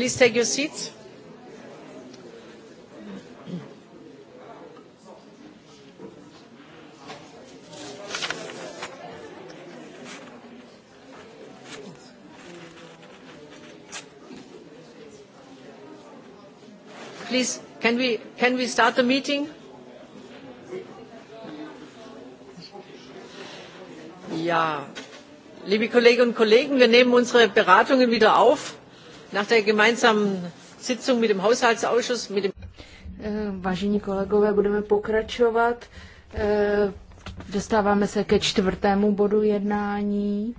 Please take your seats. Please, can we, can we start the meeting? Ja, liebe Kolleginnen und Kollegen, wir nehmen unsere Beratungen wieder auf. Nach der gemeinsamen Sitzung mit dem Haushaltsausschuss, mit dem eh, Vážení kolegové, budeme pokračovat. Eh, dostáváme se ke čtvrtému bodu jednání.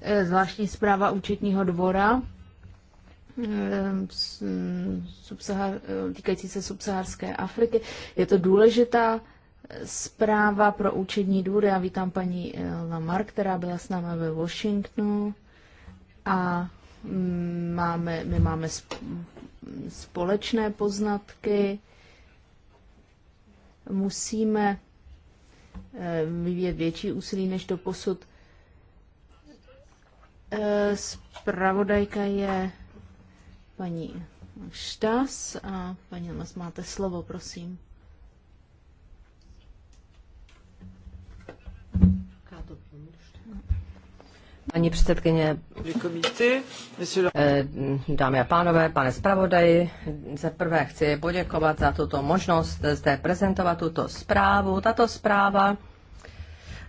Eh, zvláštní zpráva účetního dvora týkající se subsaharské Afriky. Je to důležitá zpráva pro účetní dvůr. Já vítám paní Lamar, která byla s námi ve Washingtonu. A mm, máme, my máme společné poznatky, musíme eh, vyvíjet větší úsilí než do posud. Spravodajka eh, je paní Štas a paní Lmas, máte slovo, prosím. Paní předsedkyně, eh, dámy a pánové, pane zpravodaji, za prvé chci poděkovat za tuto možnost zde prezentovat tuto zprávu. Tato zpráva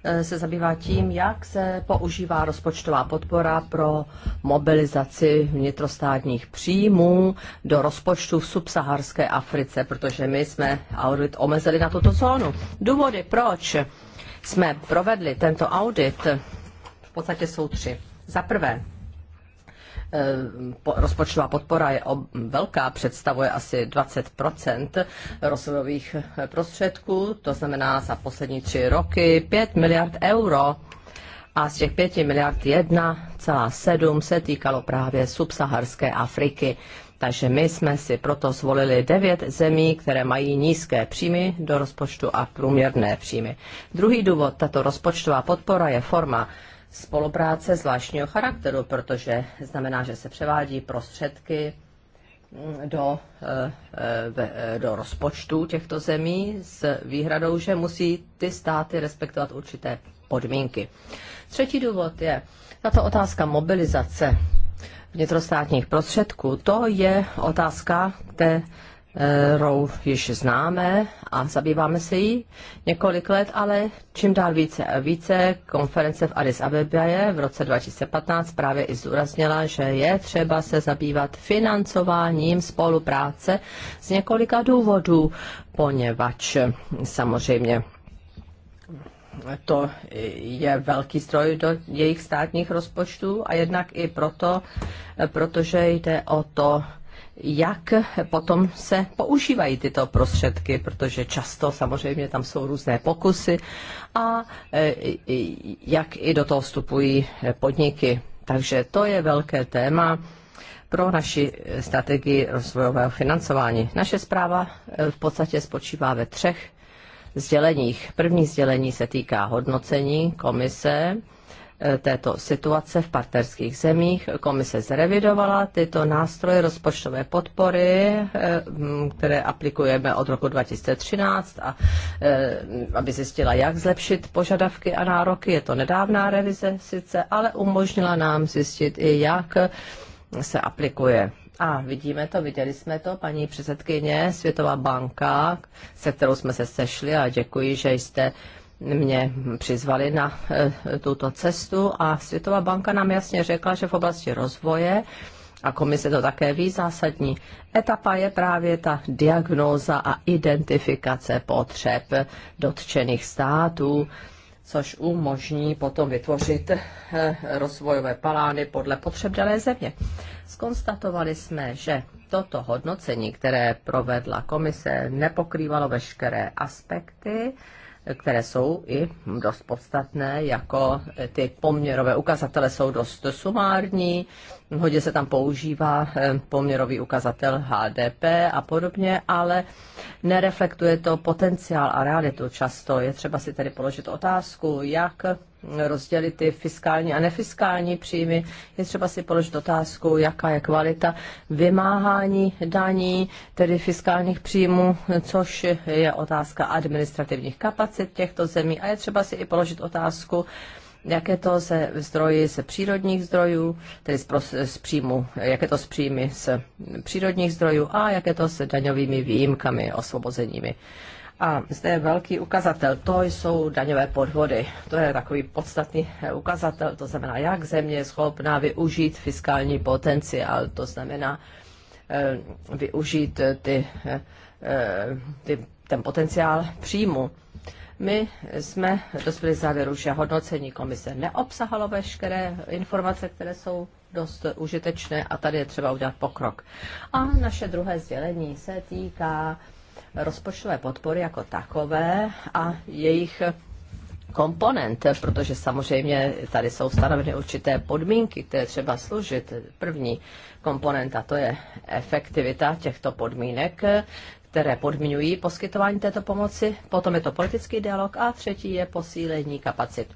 eh, se zabývá tím, jak se používá rozpočtová podpora pro mobilizaci vnitrostátních příjmů do rozpočtu v subsaharské Africe, protože my jsme audit omezili na tuto zónu. Důvody, proč jsme provedli tento audit, v podstatě jsou tři. Za prvé, eh, rozpočtová podpora je velká, představuje asi 20 rozvojových eh, prostředků, to znamená za poslední tři roky 5 miliard euro. A z těch 5 miliard 1,7 se týkalo právě subsaharské Afriky. Takže my jsme si proto zvolili devět zemí, které mají nízké příjmy do rozpočtu a průměrné příjmy. Druhý důvod, tato rozpočtová podpora je forma spolupráce zvláštního charakteru, protože znamená, že se převádí prostředky mm, do, eh, eh, eh, do rozpočtu těchto zemí s výhradou, že musí ty státy respektovat určité podmínky. Třetí důvod je tato otázka mobilizace vnitrostátních prostředků. To je otázka, které Eh, rou již známe a zabýváme se jí několik let, ale čím dál více a více konference v Addis Abebě v roce 2015 právě i zúraznila, že je třeba se zabývat financováním spolupráce z několika důvodů, poněvadž samozřejmě to je velký stroj do jejich státních rozpočtů a jednak i proto, eh, protože jde o to jak potom se používají tyto prostředky, protože často samozřejmě tam jsou různé pokusy a e, jak i do toho vstupují podniky. Takže to je velké téma pro naši strategii rozvojového financování. Naše zpráva e, v podstatě spočívá ve třech sděleních. První sdělení se týká hodnocení komise Eh, této situace v partnerských zemích. Komise zrevidovala tyto nástroje rozpočtové podpory, eh, které aplikujeme od roku 2013, a, eh, aby zjistila, jak zlepšit požadavky a nároky. Je to nedávná revize sice, ale umožnila nám zjistit i, jak se aplikuje a vidíme to, viděli jsme to, paní předsedkyně Světová banka, se kterou jsme se sešli a děkuji, že jste mě přizvali na eh, tuto cestu a Světová banka nám jasně řekla, že v oblasti rozvoje a komise to také ví, zásadní etapa je právě ta diagnóza a identifikace potřeb dotčených států, což umožní potom vytvořit eh, rozvojové palány podle potřeb dané země. Skonstatovali jsme, že toto hodnocení, které provedla komise, nepokrývalo veškeré aspekty které jsou i dost podstatné, jako eh, ty poměrové ukazatele jsou dost sumární, hodně se tam používá eh, poměrový ukazatel HDP a podobně, ale nereflektuje to potenciál a realitu často. Je třeba si tedy položit otázku, jak rozdělit ty fiskální a nefiskální příjmy. Je třeba si položit otázku, jaká je kvalita vymáhání daní, tedy fiskálních příjmů, což je otázka administrativních kapacit těchto zemí. A je třeba si i položit otázku, jak je to ze zdroji z přírodních zdrojů, tedy z, z příjmu, jak je to s příjmy z přírodních zdrojů a jak je to s daňovými výjimkami, osvobozeními. A zde je velký ukazatel, to jsou daňové podvody. To je takový podstatný ukazatel, to znamená, jak země je schopná využít fiskální potenciál, to znamená eh, využít eh, ty, eh, ty, ten potenciál příjmu. My jsme dospěli závěru, že hodnocení komise neobsahalo veškeré informace, které jsou dost užitečné a tady je třeba udělat pokrok. A naše druhé sdělení se týká rozpočtové podpory jako takové a jejich komponent, protože samozřejmě tady jsou stanoveny určité podmínky, které třeba služit. První komponent a to je efektivita těchto podmínek, které podmiňují poskytování této pomoci. Potom je to politický dialog a třetí je posílení kapacit.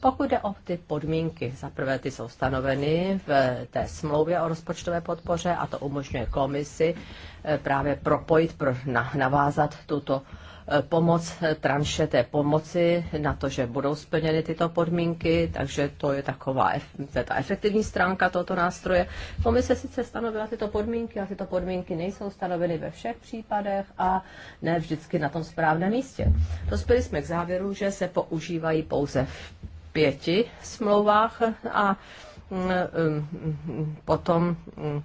Pokud jde o ty podmínky, zaprvé ty jsou stanoveny v té smlouvě o rozpočtové podpoře a to umožňuje komisi eh, právě propojit, pro, navázat tuto eh, pomoc, eh, tranše té pomoci na to, že budou splněny tyto podmínky, takže to je taková to je ta efektivní stránka tohoto nástroje. Komise sice stanovila tyto podmínky, ale tyto podmínky nejsou stanoveny ve všech případech a ne vždycky na tom správném místě. Dospěli jsme k závěru, že se používají pouze v pěti smlouvách a mm, mm, potom mm,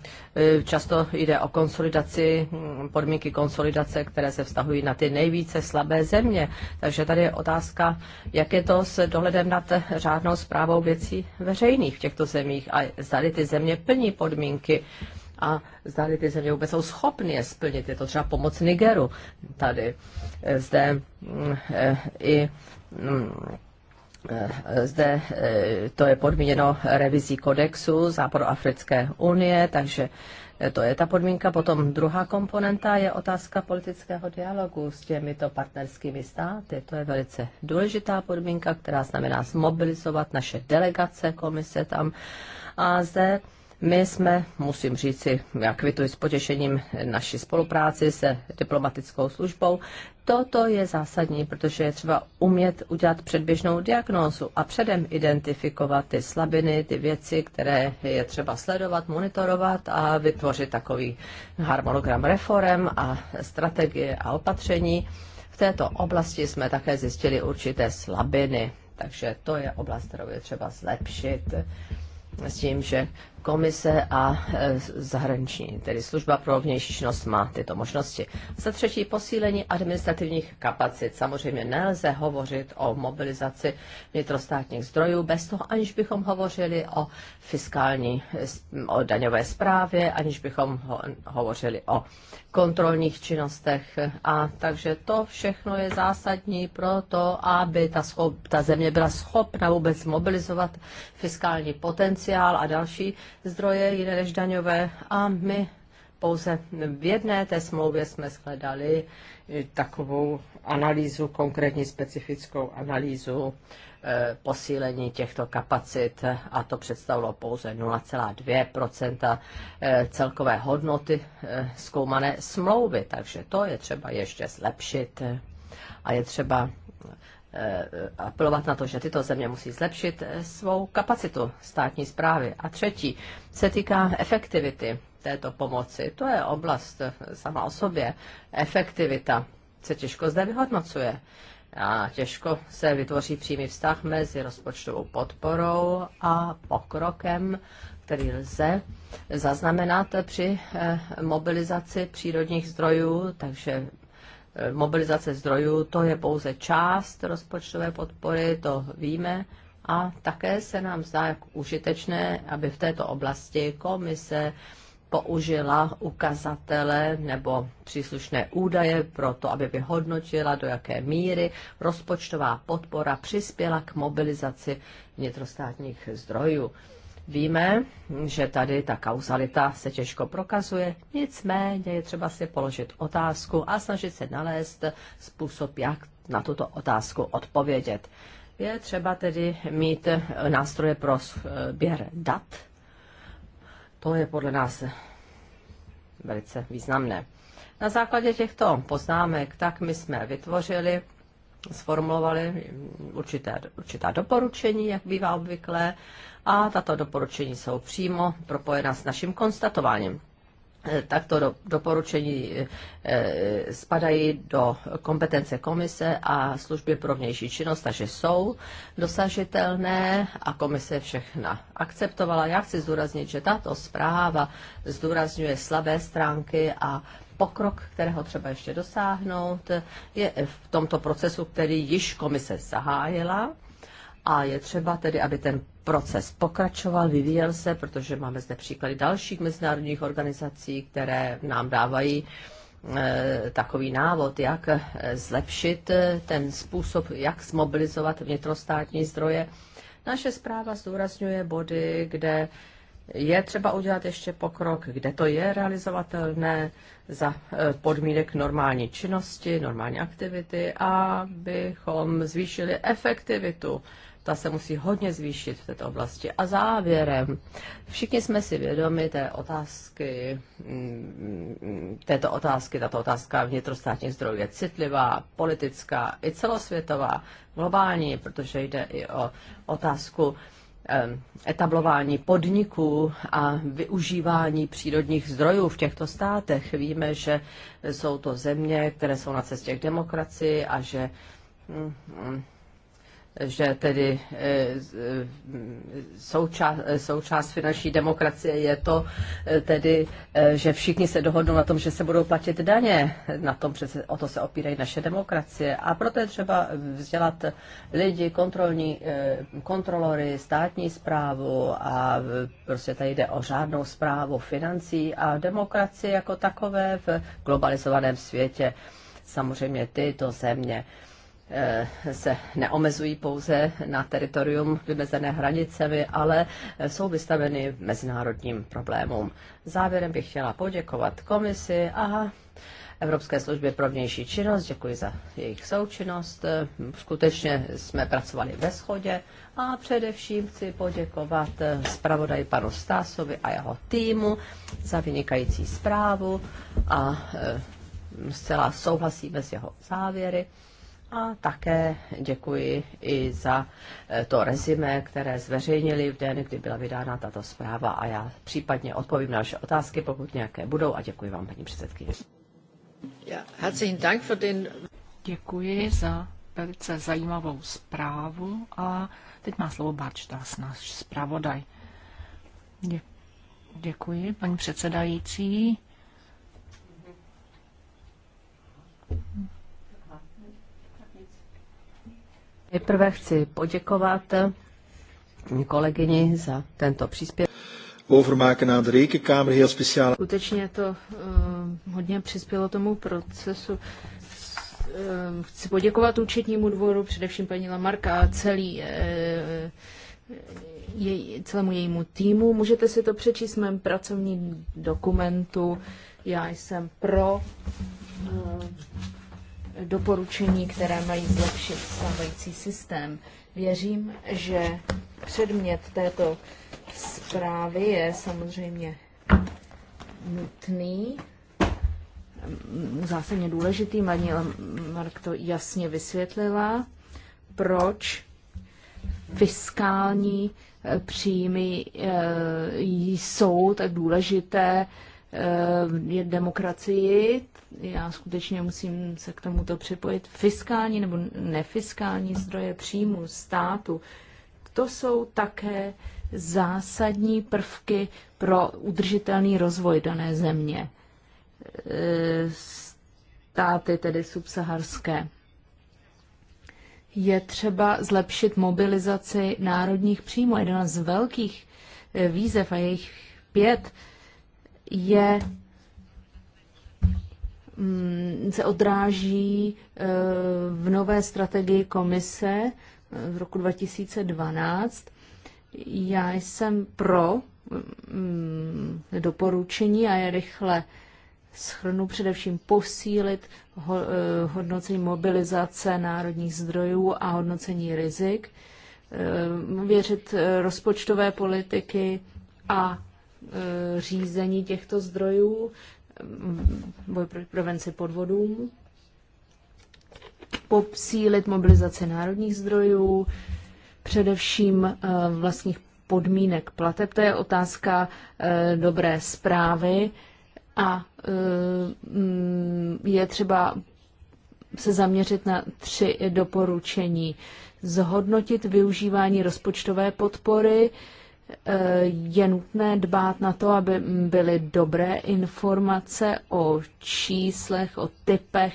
často jde o konsolidaci, podmínky konsolidace, které se vztahují na ty nejvíce slabé země. Takže tady je otázka, jak je to s dohledem nad řádnou zprávou věcí veřejných v těchto zemích a zdali ty země plní podmínky a zdali ty země vůbec jsou schopny je splnit. Je to třeba pomoc Nigeru tady. Zde eh, i Eh, zde eh, to je podmíněno revizí kodexu Západoafrické unie, takže eh, to je ta podmínka. Potom druhá komponenta je otázka politického dialogu s těmito partnerskými státy. To je velice důležitá podmínka, která znamená zmobilizovat naše delegace komise tam. A zde my jsme, musím říci, já kvituji s potěšením naši spolupráci se diplomatickou službou. Toto je zásadní, protože je třeba umět udělat předběžnou diagnózu a předem identifikovat ty slabiny, ty věci, které je třeba sledovat, monitorovat a vytvořit takový harmonogram reform a strategie a opatření. V této oblasti jsme také zjistili určité slabiny, takže to je oblast, kterou je třeba zlepšit s tím, že komise a e, zahraniční, tedy služba pro vnější činnost má tyto možnosti. Za třetí posílení administrativních kapacit. Samozřejmě nelze hovořit o mobilizaci vnitrostátních zdrojů bez toho, aniž bychom hovořili o fiskální, o daňové správě, aniž bychom hovořili o kontrolních činnostech. A takže to všechno je zásadní pro to, aby ta, schop, ta země byla schopna vůbec mobilizovat fiskální potenciál a další zdroje jiné než daňové a my pouze v jedné té smlouvě jsme shledali eh, takovou analýzu, konkrétní specifickou analýzu eh, posílení těchto kapacit a to představilo pouze 0,2 eh, celkové hodnoty zkoumané smlouvy, takže to je třeba ještě zlepšit a je třeba Eh, apelovat na to, že tyto země musí zlepšit eh, svou kapacitu státní zprávy. A třetí se týká efektivity této pomoci. To je oblast eh, sama o sobě. Efektivita se těžko zde vyhodnocuje a těžko se vytvoří přímý vztah mezi rozpočtovou podporou a pokrokem, který lze zaznamenat při mobilizaci přírodních zdrojů, takže mobilizace zdrojů, to je pouze část rozpočtové podpory, to víme. A také se nám zdá jak užitečné, aby v této oblasti komise použila ukazatele nebo příslušné údaje pro to, aby vyhodnotila, do jaké míry rozpočtová podpora přispěla k mobilizaci vnitrostátních zdrojů. Víme, že tady ta kauzalita se těžko prokazuje, nicméně je třeba si položit otázku a snažit se nalézt způsob, jak na tuto otázku odpovědět. Je třeba tedy mít nástroje pro sběr dat. To je podle nás velice významné. Na základě těchto poznámek tak my jsme vytvořili, sformulovali určité, určitá doporučení, jak bývá obvyklé, a tato doporučení jsou přímo propojena s naším konstatováním. E, takto do, doporučení e, e, spadají do kompetence komise a služby pro vnější činnost, takže jsou dosažitelné a komise všechna akceptovala. Já chci zdůraznit, že tato zpráva zdůrazňuje slabé stránky a pokrok, kterého třeba ještě dosáhnout, je v tomto procesu, který již komise zahájila. A je třeba tedy, aby ten proces pokračoval, vyvíjel se, protože máme zde příklady dalších mezinárodních organizací, které nám dávají e, takový návod, jak e, zlepšit e, ten způsob, jak zmobilizovat vnitrostátní zdroje. Naše zpráva zdůrazňuje body, kde je třeba udělat ještě pokrok, kde to je realizovatelné za podmínek normální činnosti, normální aktivity, abychom zvýšili efektivitu ta se musí hodně zvýšit v této oblasti. A závěrem, všichni jsme si vědomi té otázky, mm, této otázky, tato otázka vnitrostátních zdrojů je citlivá, politická i celosvětová, globální, protože jde i o otázku etablování podniků a využívání přírodních zdrojů v těchto státech. Víme, že jsou to země, které jsou na cestě k demokracii a že mm, mm, že tedy eh, eh, součást, součást finanční demokracie je to eh, tedy, že všichni se dohodnou na tom, že se budou platit daně. Na tom přece o to se opírají naše demokracie. A proto je třeba vzdělat lidi, kontrolní, kontrolory, státní zprávu a prostě tady jde o řádnou zprávu financí a demokracie jako takové v globalizovaném světě. Samozřejmě tyto země Eh, se neomezují pouze na teritorium vymezené hranicemi, ale eh, jsou vystaveny mezinárodním problémům. Závěrem bych chtěla poděkovat komisi a Evropské službě pro vnější činnost. Děkuji za jejich součinnost. Eh, skutečně jsme pracovali ve shodě a především chci poděkovat zpravodaji panu Stásovi a jeho týmu za vynikající zprávu a zcela souhlasíme s jeho závěry. A také děkuji i za eh, to rezime, které zveřejnili v den, kdy byla vydána tato zpráva a já případně odpovím na vaše otázky, pokud nějaké budou a děkuji vám, paní předsedkyně. Děkuji za velice zajímavou zprávu a teď má slovo Barčtas, náš zpravodaj. Děkuji, paní předsedající. Nejprve chci poděkovat kolegyni za tento příspěvek. Overmaken aan de rekenkamer heel speciaal. Skutečně to uh, hodně přispělo tomu procesu. Uh, chci poděkovat účetnímu dvoru, především paní Lamarka a celý uh, jej, celému jejímu týmu. Můžete si to přečíst v mém pracovním dokumentu. Já jsem pro. Uh, doporučení, které mají zlepšit stávající systém. Věřím, že předmět této zprávy je samozřejmě nutný, mm, zásadně důležitý. Maní Mark to jasně vysvětlila, proč fiskální eh, příjmy eh, jsou tak důležité Eh, je demokracii, já skutečně musím se k tomuto připojit, fiskální nebo nefiskální zdroje příjmu státu, to jsou také zásadní prvky pro udržitelný rozvoj dané země. Eh, státy tedy subsaharské. Je třeba zlepšit mobilizaci národních příjmů. Jedna z velkých eh, výzev a jejich pět je mm, se odráží eh, v nové strategii komise eh, v roku 2012. Já jsem pro mm, doporučení a je rychle schrnu především posílit eh, hodnocení mobilizace národních zdrojů a hodnocení rizik, věřit rozpočtové politiky a Eh, řízení těchto zdrojů, mm, boj proti prevenci podvodům, popsílit mobilizaci národních zdrojů, především eh, vlastních podmínek plateb. To je otázka eh, dobré zprávy a mm, je třeba se zaměřit na tři doporučení. Zhodnotit využívání rozpočtové podpory, Eh, je nutné dbát na to, aby byly dobré informace o číslech, o typech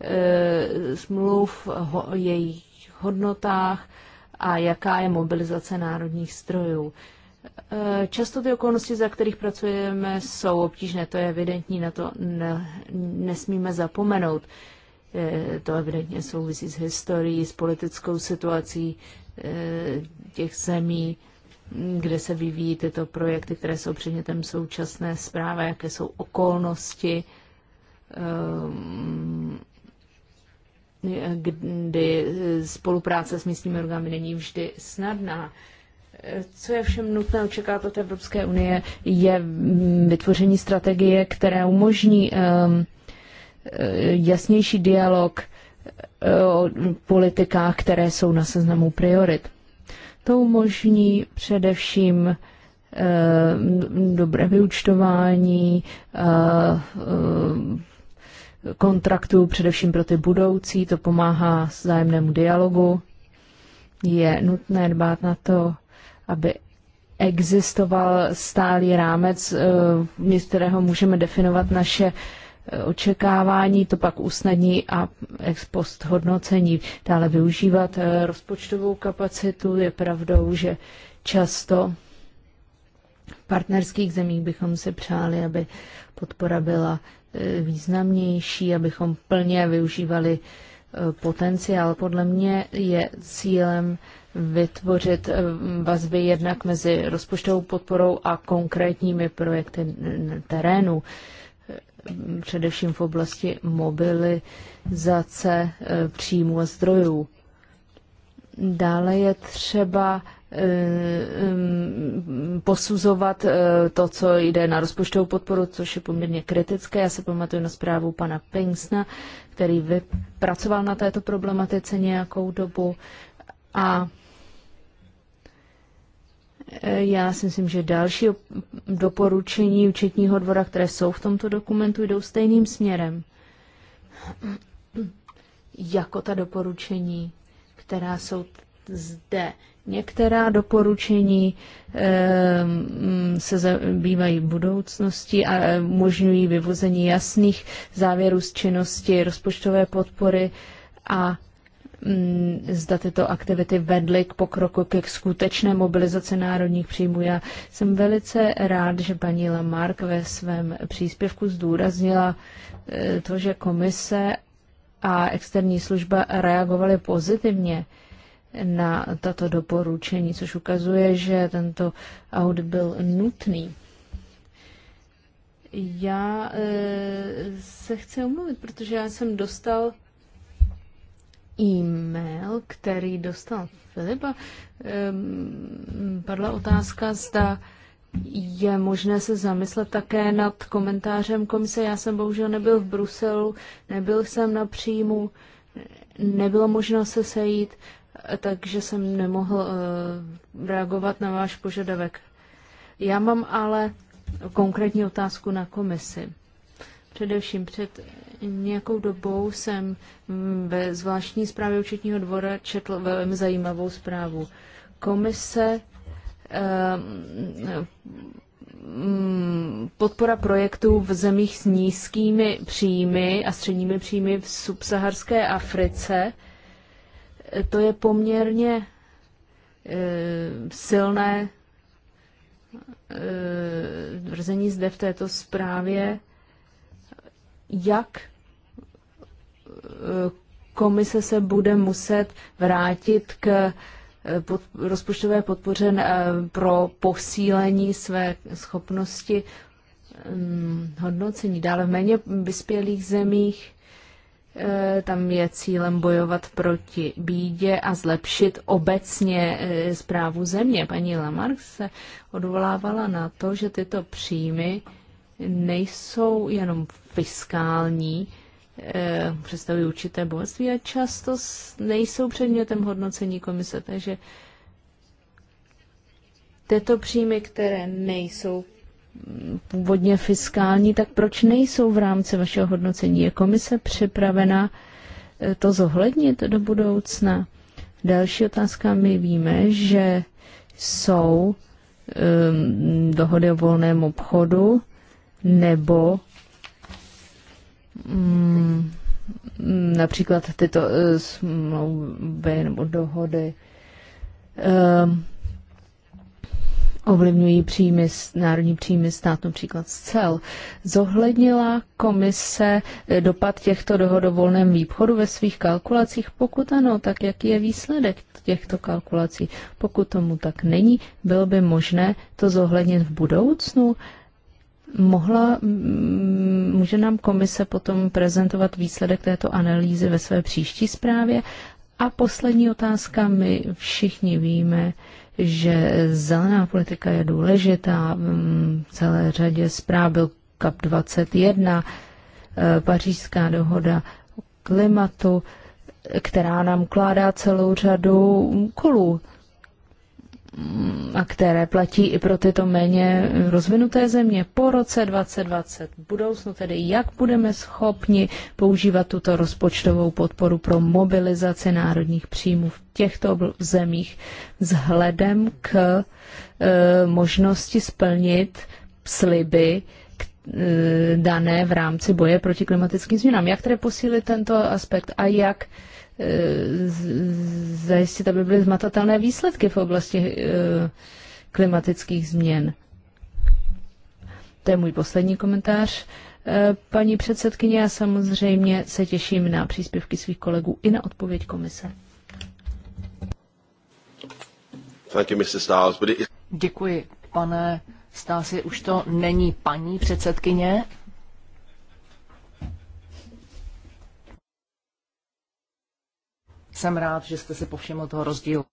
eh, smluv, o jejich hodnotách a jaká je mobilizace národních strojů. Eh, často ty okolnosti, za kterých pracujeme, jsou obtížné, to je evidentní, na to ne, nesmíme zapomenout. To evidentně souvisí s historií, s politickou situací těch zemí, kde se vyvíjí tyto projekty, které jsou předmětem současné zprávy, jaké jsou okolnosti, ehm, kdy spolupráce s místními orgány není vždy snadná. Co je všem nutné očekávat od Evropské unie, je vytvoření strategie, která umožní ehm, eh, jasnější dialog eh, o politikách, které jsou na seznamu priorit. To umožní především eh, dobré vyučtování eh, eh, kontraktů, především pro ty budoucí, to pomáhá vzájemnému dialogu. Je nutné dbát na to, aby existoval stálý rámec, z kterého můžeme definovat naše očekávání, to pak usnadní a ex post hodnocení. Dále využívat eh, rozpočtovou kapacitu. Je pravdou, že často v partnerských zemích bychom si přáli, aby podpora byla eh, významnější, abychom plně využívali eh, potenciál. Podle mě je cílem vytvořit vazby jednak mezi rozpočtovou podporou a konkrétními projekty terénu především v oblasti mobilizace eh, příjmů a zdrojů. Dále je třeba eh, mm, posuzovat eh, to, co jde na rozpočtovou podporu, což je poměrně kritické. Já se pamatuju na zprávu pana Pingsna, který vypracoval na této problematice nějakou dobu a já si myslím, že další doporučení účetního dvora, které jsou v tomto dokumentu, jdou stejným směrem. Jako ta doporučení, která jsou zde. Některá doporučení ehm, se zabývají budoucností a ehm, umožňují vyvození jasných závěrů z činnosti rozpočtové podpory a Mm, zda tyto aktivity vedly k pokroku, k skutečné mobilizaci národních příjmů. Já jsem velice rád, že paní Lamark ve svém příspěvku zdůraznila eh, to, že komise a externí služba reagovaly pozitivně na tato doporučení, což ukazuje, že tento audit byl nutný. Já e, se chci omluvit, protože já jsem dostal e-mail, který dostal Filipa, padla otázka, zda je možné se zamyslet také nad komentářem komise. Já jsem bohužel nebyl v Bruselu, nebyl jsem na příjmu, nebylo možno se sejít, takže jsem nemohl eh, reagovat na váš požadavek. Já mám ale konkrétní otázku na komisi. Především před nějakou dobou jsem ve zvláštní zprávě účetního dvora četl velmi zajímavou zprávu. Komise ehm, ehm, podpora projektů v zemích s nízkými příjmy a středními příjmy v subsaharské Africe, to je poměrně ehm, silné tvrzení zde v této zprávě, jak komise se bude muset vrátit k eh, pod, rozpočtové podpoře eh, pro posílení své schopnosti mm, hodnocení. Dále v méně vyspělých zemích eh, tam je cílem bojovat proti bídě a zlepšit obecně zprávu země. Paní Lamarck se odvolávala na to, že tyto příjmy nejsou jenom fiskální, Eh, představují určité bohatství a často nejsou předmětem hodnocení komise, takže tyto příjmy, které nejsou původně fiskální, tak proč nejsou v rámci vašeho hodnocení? Je komise připravena eh, to zohlednit do budoucna? Další otázka. My víme, že jsou um, dohody o volném obchodu nebo Mm, například tyto eh, smlouvy nebo dohody ehm, ovlivňují příjmy, národní příjmy stát, například z cel. Zohlednila komise eh, dopad těchto dohod o volném východu ve svých kalkulacích? Pokud ano, tak jaký je výsledek těchto kalkulací? Pokud tomu tak není, bylo by možné to zohlednit v budoucnu? Mohla, mm, může nám komise potom prezentovat výsledek této analýzy ve své příští zprávě? A poslední otázka. My všichni víme, že zelená politika je důležitá. Mm, v celé řadě zpráv byl CAP 21, eh, pařížská dohoda o klimatu, která nám kládá celou řadu úkolů a které platí i pro tyto méně rozvinuté země po roce 2020. V budoucnu tedy, jak budeme schopni používat tuto rozpočtovou podporu pro mobilizaci národních příjmů v těchto zemích vzhledem k e, možnosti splnit sliby k, e, dané v rámci boje proti klimatickým změnám. Jak tedy posílit tento aspekt a jak zajistit, aby byly zmatatelné výsledky v oblasti eh, klimatických změn. To je můj poslední komentář. Eh, paní předsedkyně, já samozřejmě se těším na příspěvky svých kolegů i na odpověď komise. Děkuji, pane Stási. Už to není paní předsedkyně, Jsem rád, že jste si povšiml toho rozdílu.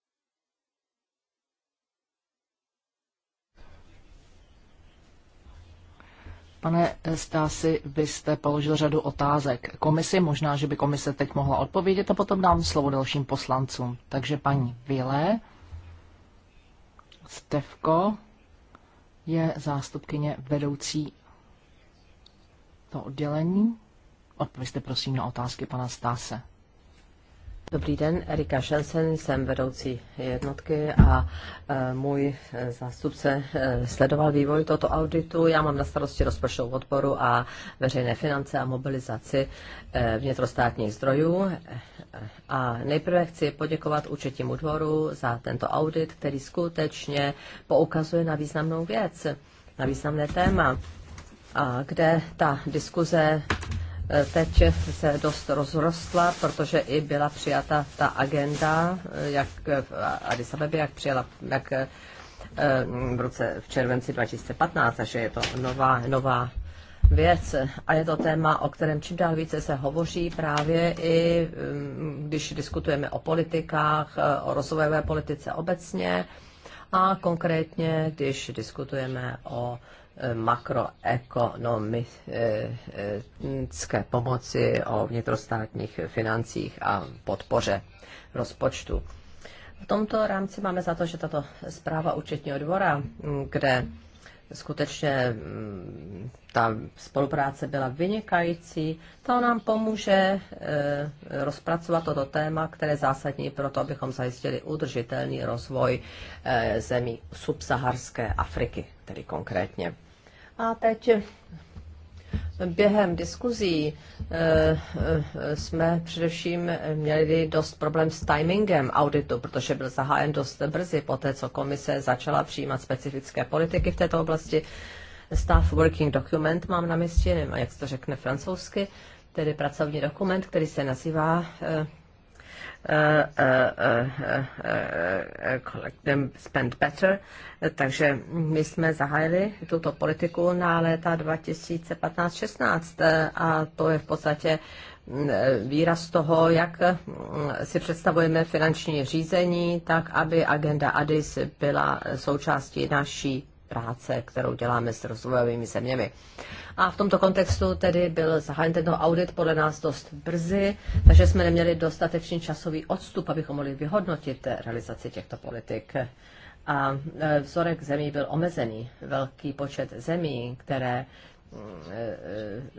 Pane Stasi, vy jste položil řadu otázek komisi, možná, že by komise teď mohla odpovědět a potom dám slovo dalším poslancům. Takže paní Vile, Stevko je zástupkyně vedoucí to oddělení. Odpovězte prosím na otázky pana Stase. Dobrý den, Erika Šensen, jsem vedoucí jednotky a e, můj zástupce e, sledoval vývoj tohoto auditu. Já mám na starosti rozpočtovou odporu a veřejné finance a mobilizaci e, vnitrostátních zdrojů. A nejprve chci poděkovat účetnímu dvoru za tento audit, který skutečně poukazuje na významnou věc, na významné téma, a kde ta diskuze teď se dost rozrostla, protože i byla přijata ta agenda, jak v Addis Abebe, jak přijala, jak eh, v roce v červenci 2015, takže je to nová, nová věc a je to téma, o kterém čím dál více se hovoří právě i mm, když diskutujeme o politikách, eh, o rozvojové politice obecně a konkrétně, když diskutujeme o makroekonomické pomoci o vnitrostátních financích a podpoře rozpočtu. V tomto rámci máme za to, že tato zpráva účetního dvora, kde skutečně mm, ta spolupráce byla vynikající. To nám pomůže e, rozpracovat toto téma, které je zásadní pro to, abychom zajistili udržitelný rozvoj e, zemí subsaharské Afriky, tedy konkrétně. A teď během diskuzí eh, eh, jsme především měli dost problém s timingem auditu, protože byl zahájen dost brzy po té, co komise začala přijímat specifické politiky v této oblasti. Staff Working Document mám na mysli, nevím, jak se to řekne francouzsky, tedy pracovní dokument, který se nazývá eh, collect them, spend better. Takže my jsme zahájili tuto politiku na léta 2015-16 a to je v podstatě výraz toho, jak si představujeme finanční řízení, tak aby agenda ADIS byla součástí naší práce, kterou děláme s rozvojovými zeměmi. A v tomto kontextu tedy byl zahájen tento audit podle nás dost brzy, takže jsme neměli dostatečný časový odstup, abychom mohli vyhodnotit realizaci těchto politik. A e, vzorek zemí byl omezený. Velký počet zemí, které Eh,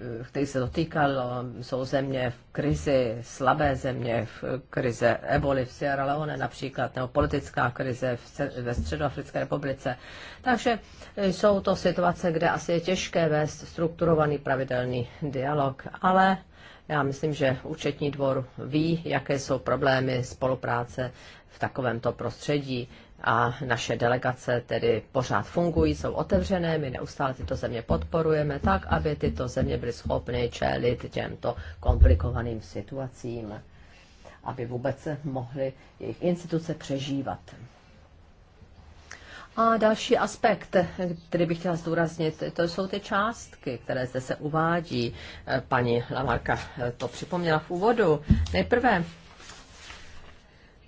eh, který se dotýkal, no, jsou země v krizi, slabé země v krize eboli v Sierra Leone například, nebo politická krize ve Středoafrické republice. Takže eh, jsou to situace, kde asi je těžké vést strukturovaný pravidelný dialog, ale já myslím, že účetní dvor ví, jaké jsou problémy spolupráce v takovémto prostředí a naše delegace tedy pořád fungují, jsou otevřené, my neustále tyto země podporujeme tak, aby tyto země byly schopny čelit těmto komplikovaným situacím, aby vůbec mohly jejich instituce přežívat. A další aspekt, který bych chtěla zdůraznit, to jsou ty částky, které zde se uvádí. Paní Lamarka to připomněla v úvodu. Nejprve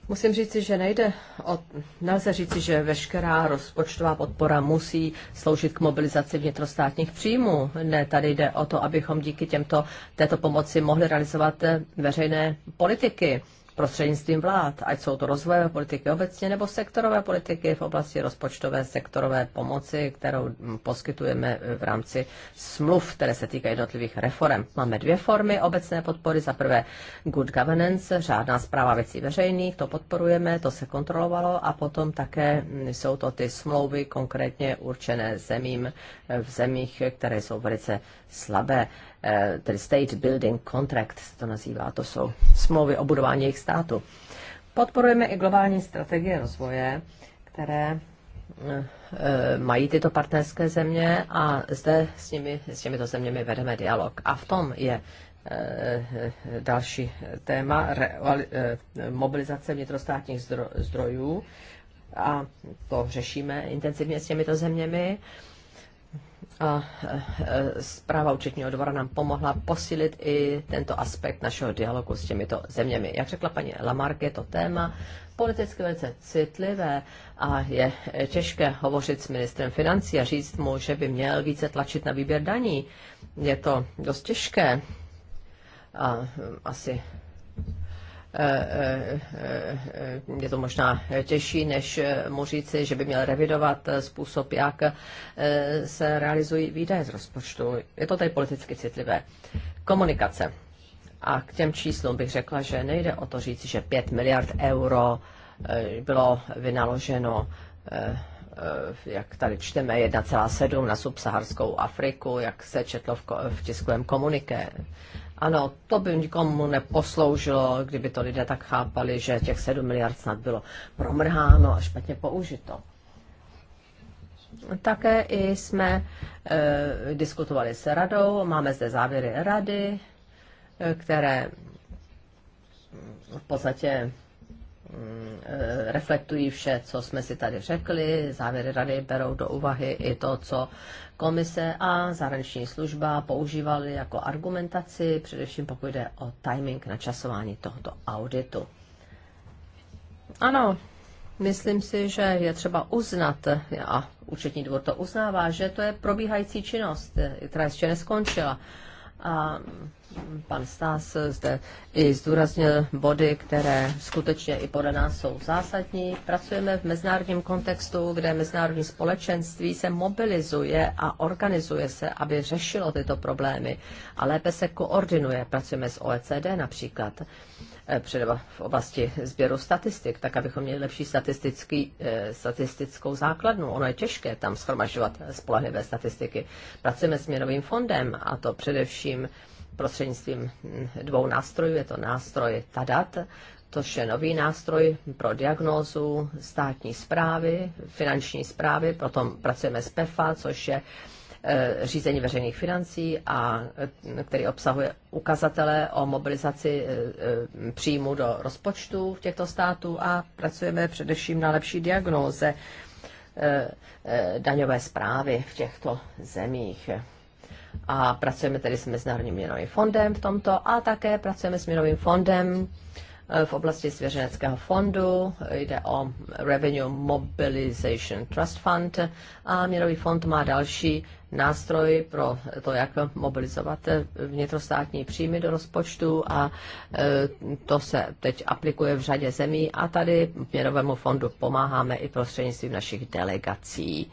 Musím říci, že nejde o, nelze říci, že veškerá rozpočtová podpora musí sloužit k mobilizaci vnitrostátních příjmů. Ne, tady jde o to, abychom díky těmto, této pomoci mohli realizovat eh, veřejné politiky prostřednictvím vlád, ať jsou to rozvojové politiky obecně nebo sektorové politiky v oblasti rozpočtové sektorové pomoci, kterou mm, poskytujeme e, v rámci smluv, které se týkají jednotlivých reform. Máme dvě formy obecné podpory. Za prvé good governance, řádná zpráva věcí veřejných, to podporujeme, to se kontrolovalo a potom také mm, jsou to ty smlouvy konkrétně určené zemím e, v zemích, které jsou velice slabé Eh, tedy State Building Contract se to nazývá, to jsou smlouvy o budování jejich státu. Podporujeme i globální strategie rozvoje, které eh, eh, mají tyto partnerské země a zde s, nimi, s těmito zeměmi vedeme dialog. A v tom je další téma re, mobilizace vnitrostátních zdrojů a to řešíme intenzivně s těmito zeměmi. A e, e, zpráva účetního dvora nám pomohla posílit i tento aspekt našeho dialogu s těmito zeměmi. Jak řekla paní Lamarck, je to téma politicky velice citlivé a je těžké hovořit s ministrem financí a říct mu, že by měl více tlačit na výběr daní. Je to dost těžké. A e, asi Eh, eh, eh, je to možná těžší, než mu říci, že by měl revidovat způsob, jak se realizují výdaje z rozpočtu. Je to tady politicky citlivé. Komunikace. A k těm číslům bych řekla, že nejde o to říci, že 5 miliard euro bylo vynaloženo jak tady čteme, 1,7 na subsaharskou Afriku, jak se četlo v, v tiskovém komuniké. Ano, to by nikomu neposloužilo, kdyby to lidé tak chápali, že těch 7 miliard snad bylo promrháno a špatně použito. Také i jsme e, diskutovali s radou, máme zde závěry rady, eh, které v podstatě Eh, reflektují vše, co jsme si tady řekli. Závěry rady berou do úvahy i to, co komise a zahraniční služba používali jako argumentaci, především pokud jde o timing na časování tohoto auditu. Ano, myslím si, že je třeba uznat, a účetní dvor to uznává, že to je probíhající činnost, eh, která ještě neskončila. A pan Stas zde i zdůraznil body, které skutečně i podle nás jsou zásadní. Pracujeme v mezinárodním kontextu, kde mezinárodní společenství se mobilizuje a organizuje se, aby řešilo tyto problémy a lépe se koordinuje. Pracujeme s OECD například. Eh, předeba v oblasti sběru statistik, tak abychom měli lepší statistický, eh, statistickou základnu. Ono je těžké tam schromažďovat eh, spolehlivé statistiky. Pracujeme s měnovým fondem a to především prostřednictvím hm, dvou nástrojů. Je to nástroj TADAT, to je nový nástroj pro diagnózu státní zprávy, finanční zprávy, potom pracujeme s PEFA, což je Eh, řízení veřejných financí, a eh, který obsahuje ukazatele o mobilizaci eh, příjmu do rozpočtu v těchto států a pracujeme především na lepší diagnóze daňové zprávy v těchto zemích. A pracujeme tedy s Mezinárodním měnovým fondem v tomto a také pracujeme s měnovým fondem v oblasti svěřeneckého fondu. Jde o Revenue Mobilization Trust Fund a měnový fond má další nástroj pro to, jak mobilizovat vnitrostátní příjmy do rozpočtu a e, to se teď aplikuje v řadě zemí a tady Měnovému fondu pomáháme i prostřednictvím našich delegací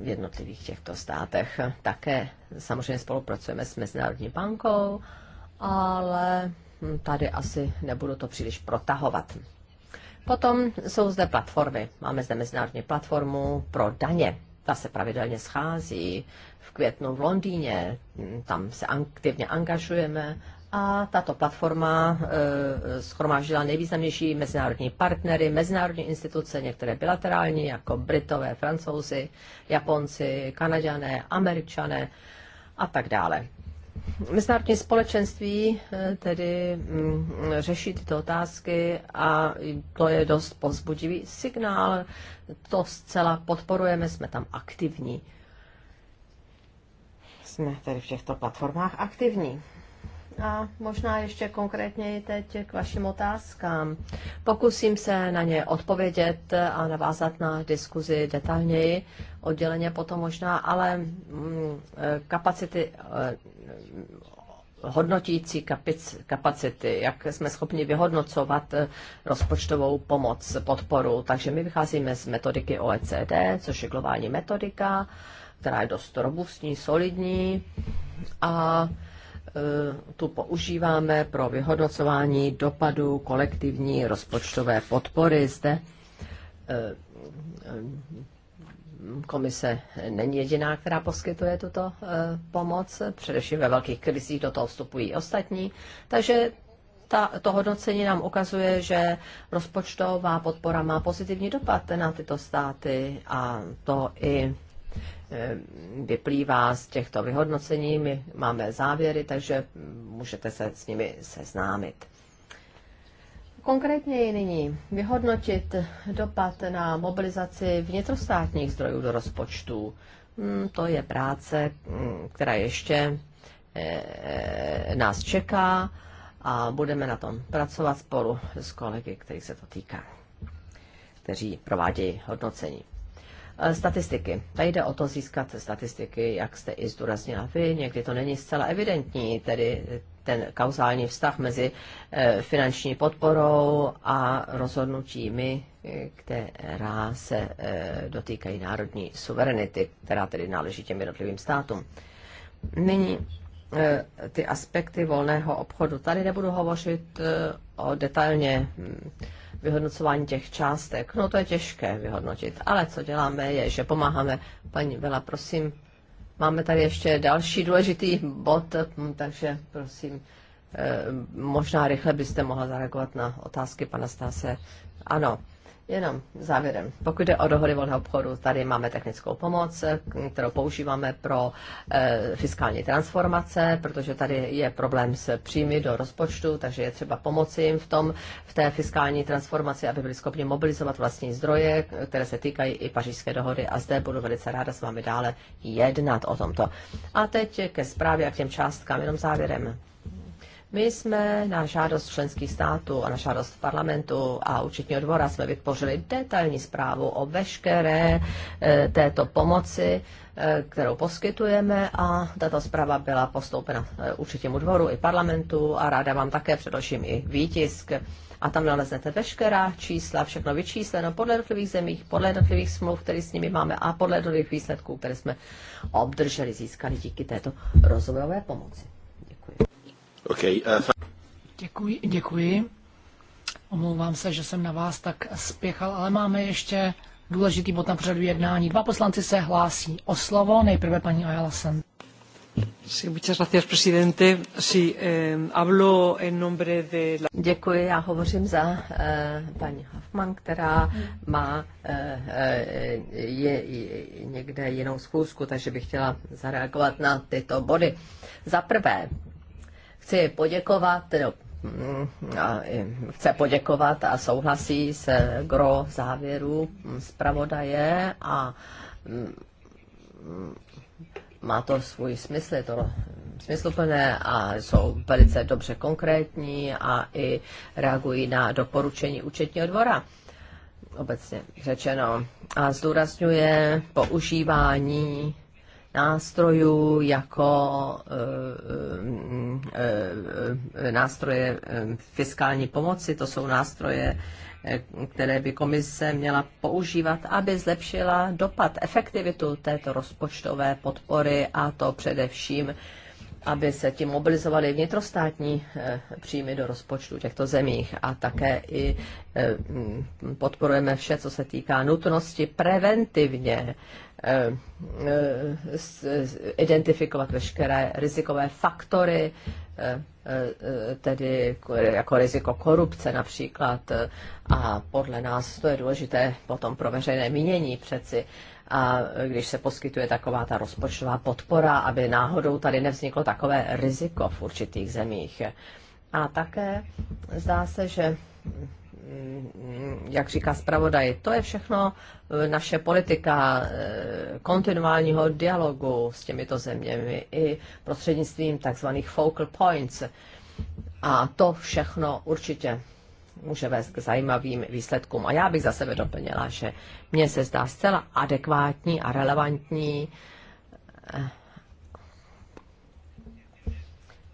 v jednotlivých těchto státech. Také samozřejmě spolupracujeme s Mezinárodní bankou, ale tady asi nebudu to příliš protahovat. Potom jsou zde platformy. Máme zde mezinárodní platformu pro daně ta se pravidelně schází. V květnu v Londýně, mm, tam se aktivně angažujeme a tato platforma e, schromáždila nejvýznamnější mezinárodní partnery, mezinárodní instituce, některé bilaterální, jako Britové, Francouzi, Japonci, Kanaďané, Američané a tak dále. Mezinárodní společenství eh, tedy mm, řeší tyto otázky a to je dost pozbudivý signál. To zcela podporujeme, jsme tam aktivní. Jsme tedy v těchto platformách aktivní. A možná ještě konkrétněji teď k vašim otázkám. Pokusím se na ně odpovědět a navázat na diskuzi detailněji, odděleně potom možná, ale mm, kapacity eh, hodnotící kapacity, jak jsme schopni vyhodnocovat eh, rozpočtovou pomoc, podporu. Takže my vycházíme z metodiky OECD, což je globální metodika, která je dost robustní, solidní a Eh, tu používáme pro vyhodnocování dopadů kolektivní rozpočtové podpory. Zde eh, eh, komise není jediná, která poskytuje tuto pomoc. Především ve velkých krizích do toho vstupují ostatní. Takže ta, to hodnocení nám ukazuje, že rozpočtová podpora má pozitivní dopad na tyto státy a to i Eh, vyplývá z těchto vyhodnocení. My máme závěry, takže můžete se s nimi seznámit. Konkrétně nyní vyhodnotit dopad na mobilizaci vnitrostátních zdrojů do rozpočtu. Hmm, to je práce, hmm, která ještě eh, nás čeká a budeme na tom pracovat spolu s kolegy, kterých se to týká, kteří provádějí hodnocení. Eh, statistiky. Tady jde o to získat statistiky, jak jste i zdůraznila vy, někdy to není zcela evidentní, tedy ten kauzální vztah mezi eh, finanční podporou a rozhodnutími, která se eh, dotýkají národní suverenity, která tedy náleží těm jednotlivým státům. Nyní ty aspekty volného obchodu. Tady nebudu hovořit o detailně hm, vyhodnocování těch částek. No to je těžké vyhodnotit, ale co děláme je, že pomáháme, paní Vela, prosím, máme tady ještě další důležitý bod, hm, takže prosím, eh, možná rychle byste mohla zareagovat na otázky pana Stase. Ano, Jenom závěrem. Pokud jde o dohody volného obchodu, tady máme technickou pomoc, kterou používáme pro e, fiskální transformace, protože tady je problém s příjmy do rozpočtu, takže je třeba pomoci jim v, tom, v té fiskální transformaci, aby byli schopni mobilizovat vlastní zdroje, které se týkají i pařížské dohody. A zde budu velice ráda s vámi dále jednat o tomto. A teď ke zprávě a k těm částkám, jenom závěrem. My jsme na žádost členských států a na žádost parlamentu a účetního dvora jsme vytvořili detailní zprávu o veškeré eh, této pomoci, eh, kterou poskytujeme a tato zpráva byla postoupena eh, účetnímu dvoru i parlamentu a ráda vám také předložím i výtisk a tam naleznete veškerá čísla, všechno vyčísleno podle jednotlivých zemích, podle jednotlivých smluv, které s nimi máme a podle jednotlivých výsledků, které jsme obdrželi, získali díky této rozvojové pomoci. Okay, uh, děkuji, děkuji. Omlouvám se, že jsem na vás tak spěchal, ale máme ještě důležitý bod na pořadu jednání. Dva poslanci se hlásí o slovo, nejprve paní Ayala Sen. Děkuji, já hovořím za eh, paní Hoffman, která má eh, eh, je, je, někde jinou schůzku, takže bych chtěla zareagovat na tyto body. Za prvé, chci poděkovat, no, chce poděkovat a souhlasí se gro závěru zpravodaje a mm, má to svůj smysl, je to smysluplné a jsou velice dobře konkrétní a i reagují na doporučení účetního dvora obecně řečeno a zdůrazňuje používání nástrojů jako eh, eh, eh, nástroje fiskální pomoci, to jsou nástroje, které by komise měla používat, aby zlepšila dopad, efektivitu této rozpočtové podpory a to především, aby se tím mobilizovaly vnitrostátní příjmy do rozpočtu těchto zemích. A také i podporujeme vše, co se týká nutnosti preventivně Eh, eh, identifikovat veškeré rizikové faktory, eh, tedy jako riziko korupce například. A podle nás to je důležité potom pro veřejné mínění přeci. A když se poskytuje taková ta rozpočtová podpora, aby náhodou tady nevzniklo takové riziko v určitých zemích. A také zdá se, že Mm, jak říká zpravodaj, to je všechno eh, naše politika eh, kontinuálního dialogu s těmito zeměmi i prostřednictvím takzvaných focal points. A to všechno určitě může vést k zajímavým výsledkům. A já bych za sebe doplnila, že mně se zdá zcela adekvátní a relevantní eh,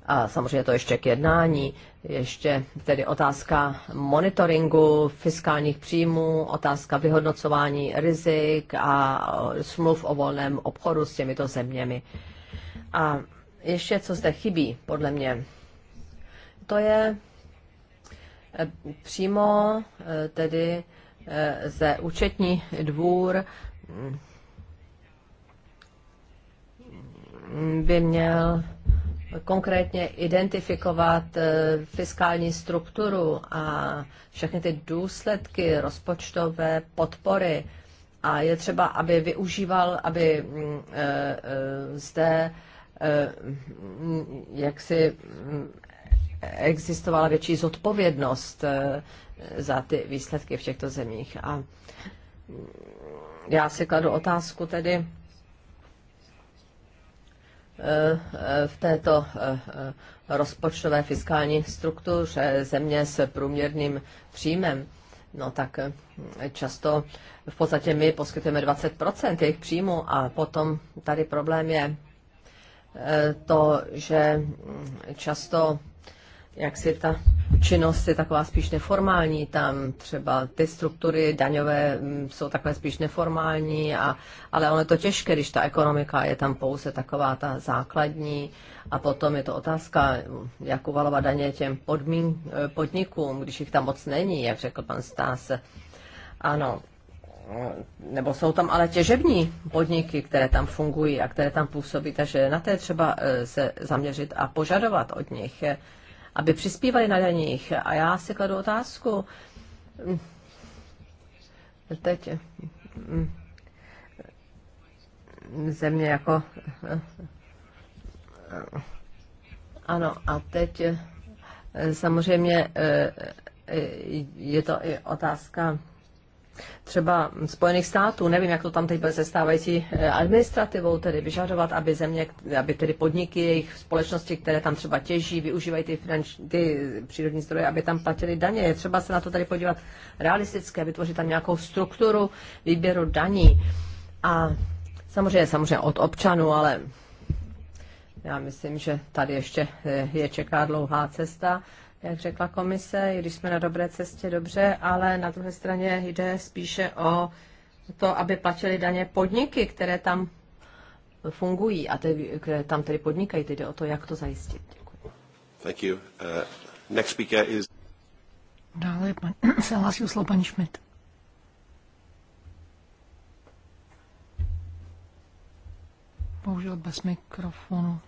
a samozřejmě to ještě k jednání, ještě tedy otázka monitoringu fiskálních příjmů, otázka vyhodnocování rizik a smluv o volném obchodu s těmito zeměmi. A ještě, co zde chybí, podle mě, to je eh, přímo eh, tedy eh, ze účetní dvůr mm, by měl konkrétně identifikovat eh, fiskální strukturu a všechny ty důsledky rozpočtové podpory. A je třeba, aby využíval, aby mm, eh, eh, zde jaksi mm, existovala větší zodpovědnost za ty výsledky v těchto zemích. A já si kladu otázku tedy, Eh, v této eh, rozpočtové fiskální struktuře země s průměrným příjmem, no tak eh, často v podstatě my poskytujeme 20% jejich příjmu a potom tady problém je to, že mm, často jak si ta činnost je taková spíš neformální, tam třeba ty struktury daňové mm, jsou takové spíš neformální, a, ale ono je to těžké, když ta ekonomika je tam pouze taková ta základní a potom je to otázka, jak uvalovat daně těm podmín, eh, podnikům, když jich tam moc není, jak řekl pan Stás. Ano, eh, nebo jsou tam ale těžební podniky, které tam fungují a které tam působí, takže na té třeba eh, se zaměřit a požadovat od nich aby přispívali na daních. A já si kladu otázku. Teď mm, země jako ano, a teď samozřejmě eh, je to i otázka třeba Spojených států, nevím, jak to tam teď bude se stávající eh, administrativou, tedy vyžadovat, aby země, aby tedy podniky, jejich společnosti, které tam třeba těží, využívají ty, finanč, ty přírodní zdroje, aby tam platili daně. Je třeba se na to tady podívat realistické, vytvořit tam nějakou strukturu výběru daní. A samozřejmě, samozřejmě od občanů, ale já myslím, že tady ještě eh, je čeká dlouhá cesta jak řekla komise, i když jsme na dobré cestě, dobře, ale na druhé straně jde spíše o to, aby platili daně podniky, které tam fungují a ty, které tam tedy podnikají. Teď jde o to, jak to zajistit. Thank you. Uh, next speaker is... Dále pan, se hlásí o slovo paní Schmidt. Bohužel bez mikrofonu.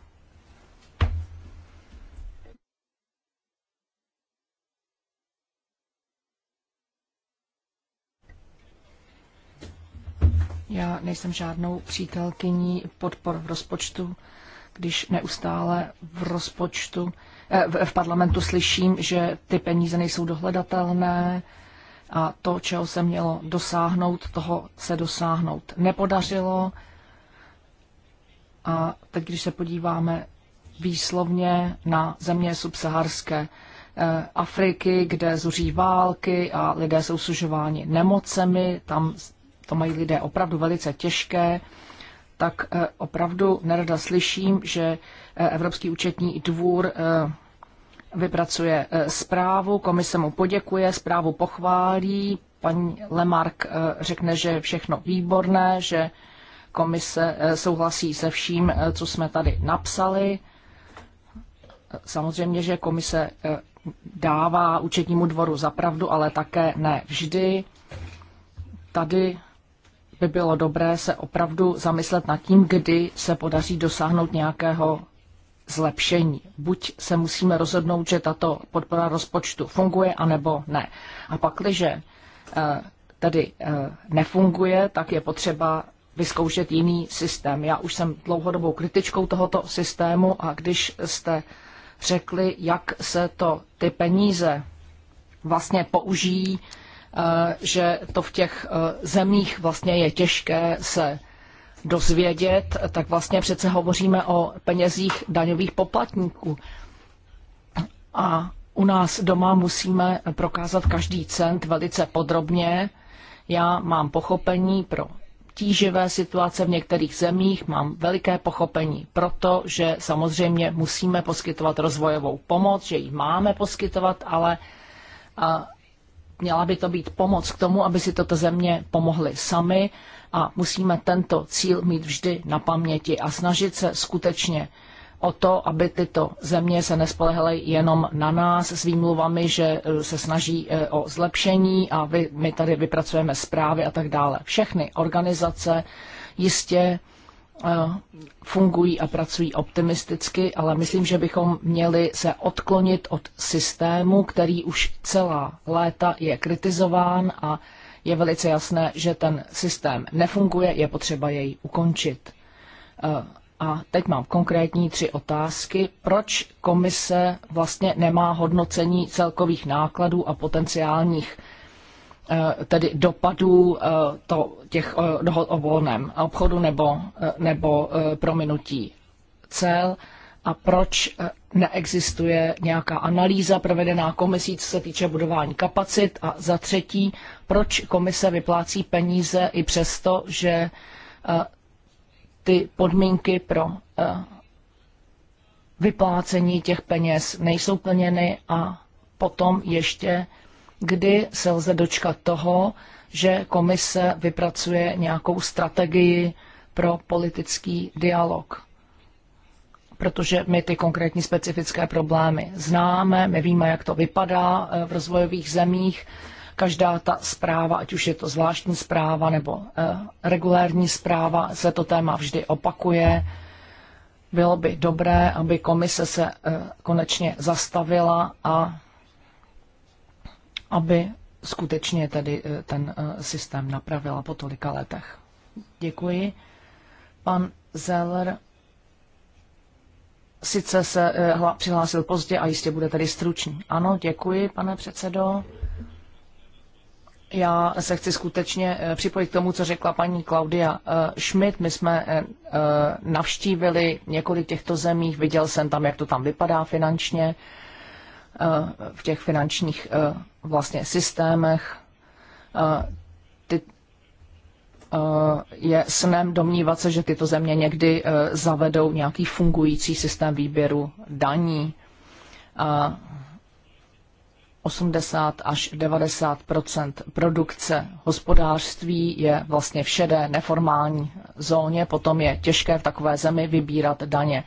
Já nejsem žádnou přítelkyní podpor v rozpočtu, když neustále v rozpočtu, eh, v parlamentu slyším, že ty peníze nejsou dohledatelné a to, čeho se mělo dosáhnout, toho se dosáhnout nepodařilo. A teď, když se podíváme výslovně na země subsaharské eh, Afriky, kde zuří války a lidé jsou sužováni nemocemi, tam to mají lidé opravdu velice těžké, tak eh, opravdu nerada slyším, že eh, Evropský účetní dvůr eh, vypracuje zprávu, komise mu poděkuje, zprávu pochválí, paní Lemark řekne, že je všechno výborné, že komise souhlasí se vším, co jsme tady napsali. Samozřejmě, že komise dává účetnímu dvoru zapravdu, ale také ne vždy. Tady by bylo dobré se opravdu zamyslet nad tím, kdy se podaří dosáhnout nějakého zlepšení. Buď se musíme rozhodnout, že tato podpora rozpočtu funguje, anebo ne. A pak, když eh, tedy eh, nefunguje, tak je potřeba vyzkoušet jiný systém. Já už jsem dlouhodobou kritičkou tohoto systému a když jste řekli, jak se to ty peníze vlastně použijí Eh, že to v těch eh, zemích vlastně je těžké se dozvědět, tak vlastně přece hovoříme o penězích daňových poplatníků. A u nás doma musíme prokázat každý cent velice podrobně. Já mám pochopení pro tíživé situace v některých zemích, mám veliké pochopení proto, že samozřejmě musíme poskytovat rozvojovou pomoc, že ji máme poskytovat, ale Měla by to být pomoc k tomu, aby si toto země pomohly sami a musíme tento cíl mít vždy na paměti a snažit se skutečně o to, aby tyto země se nespolehly jenom na nás s výmluvami, že e, se snaží e, o zlepšení a my tady vypracujeme zprávy a tak dále. Všechny organizace jistě Eh, fungují a pracují optimisticky, ale myslím, že bychom měli se odklonit od systému, který už celá léta je kritizován a je velice jasné, že ten systém nefunguje, je potřeba jej ukončit. Eh, a teď mám konkrétní tři otázky. Proč komise vlastně nemá hodnocení celkových nákladů a potenciálních Eh, tedy dopadů eh, to, těch eh, dohod o volném obchodu nebo, nebo prominutí cel a proč neexistuje nějaká analýza provedená komisí, co se týče budování kapacit a za třetí, proč komise vyplácí peníze i přesto, že ty podmínky pro vyplácení těch peněz nejsou plněny a potom ještě kdy se lze dočkat toho, že komise vypracuje nějakou strategii pro politický dialog. Protože my ty konkrétní specifické problémy známe, my víme, jak to vypadá eh, v rozvojových zemích. Každá ta zpráva, ať už je to zvláštní zpráva nebo eh, regulární zpráva, se to téma vždy opakuje. Bylo by dobré, aby komise se eh, konečně zastavila a aby skutečně tedy eh, ten eh, systém napravila po tolika letech. Děkuji. Pan Zeller sice se eh, přihlásil pozdě a jistě bude tady stručný. Ano, děkuji, pane předsedo. Já se chci skutečně připojit k tomu, co řekla paní Klaudia Schmidt. My jsme navštívili několik těchto zemích, viděl jsem tam, jak to tam vypadá finančně v těch finančních vlastně systémech ty, je snem domnívat se, že tyto země někdy e, zavedou nějaký fungující systém výběru daní. 80 až 90 produkce hospodářství je vlastně v šedé neformální zóně, potom je těžké v takové zemi vybírat daně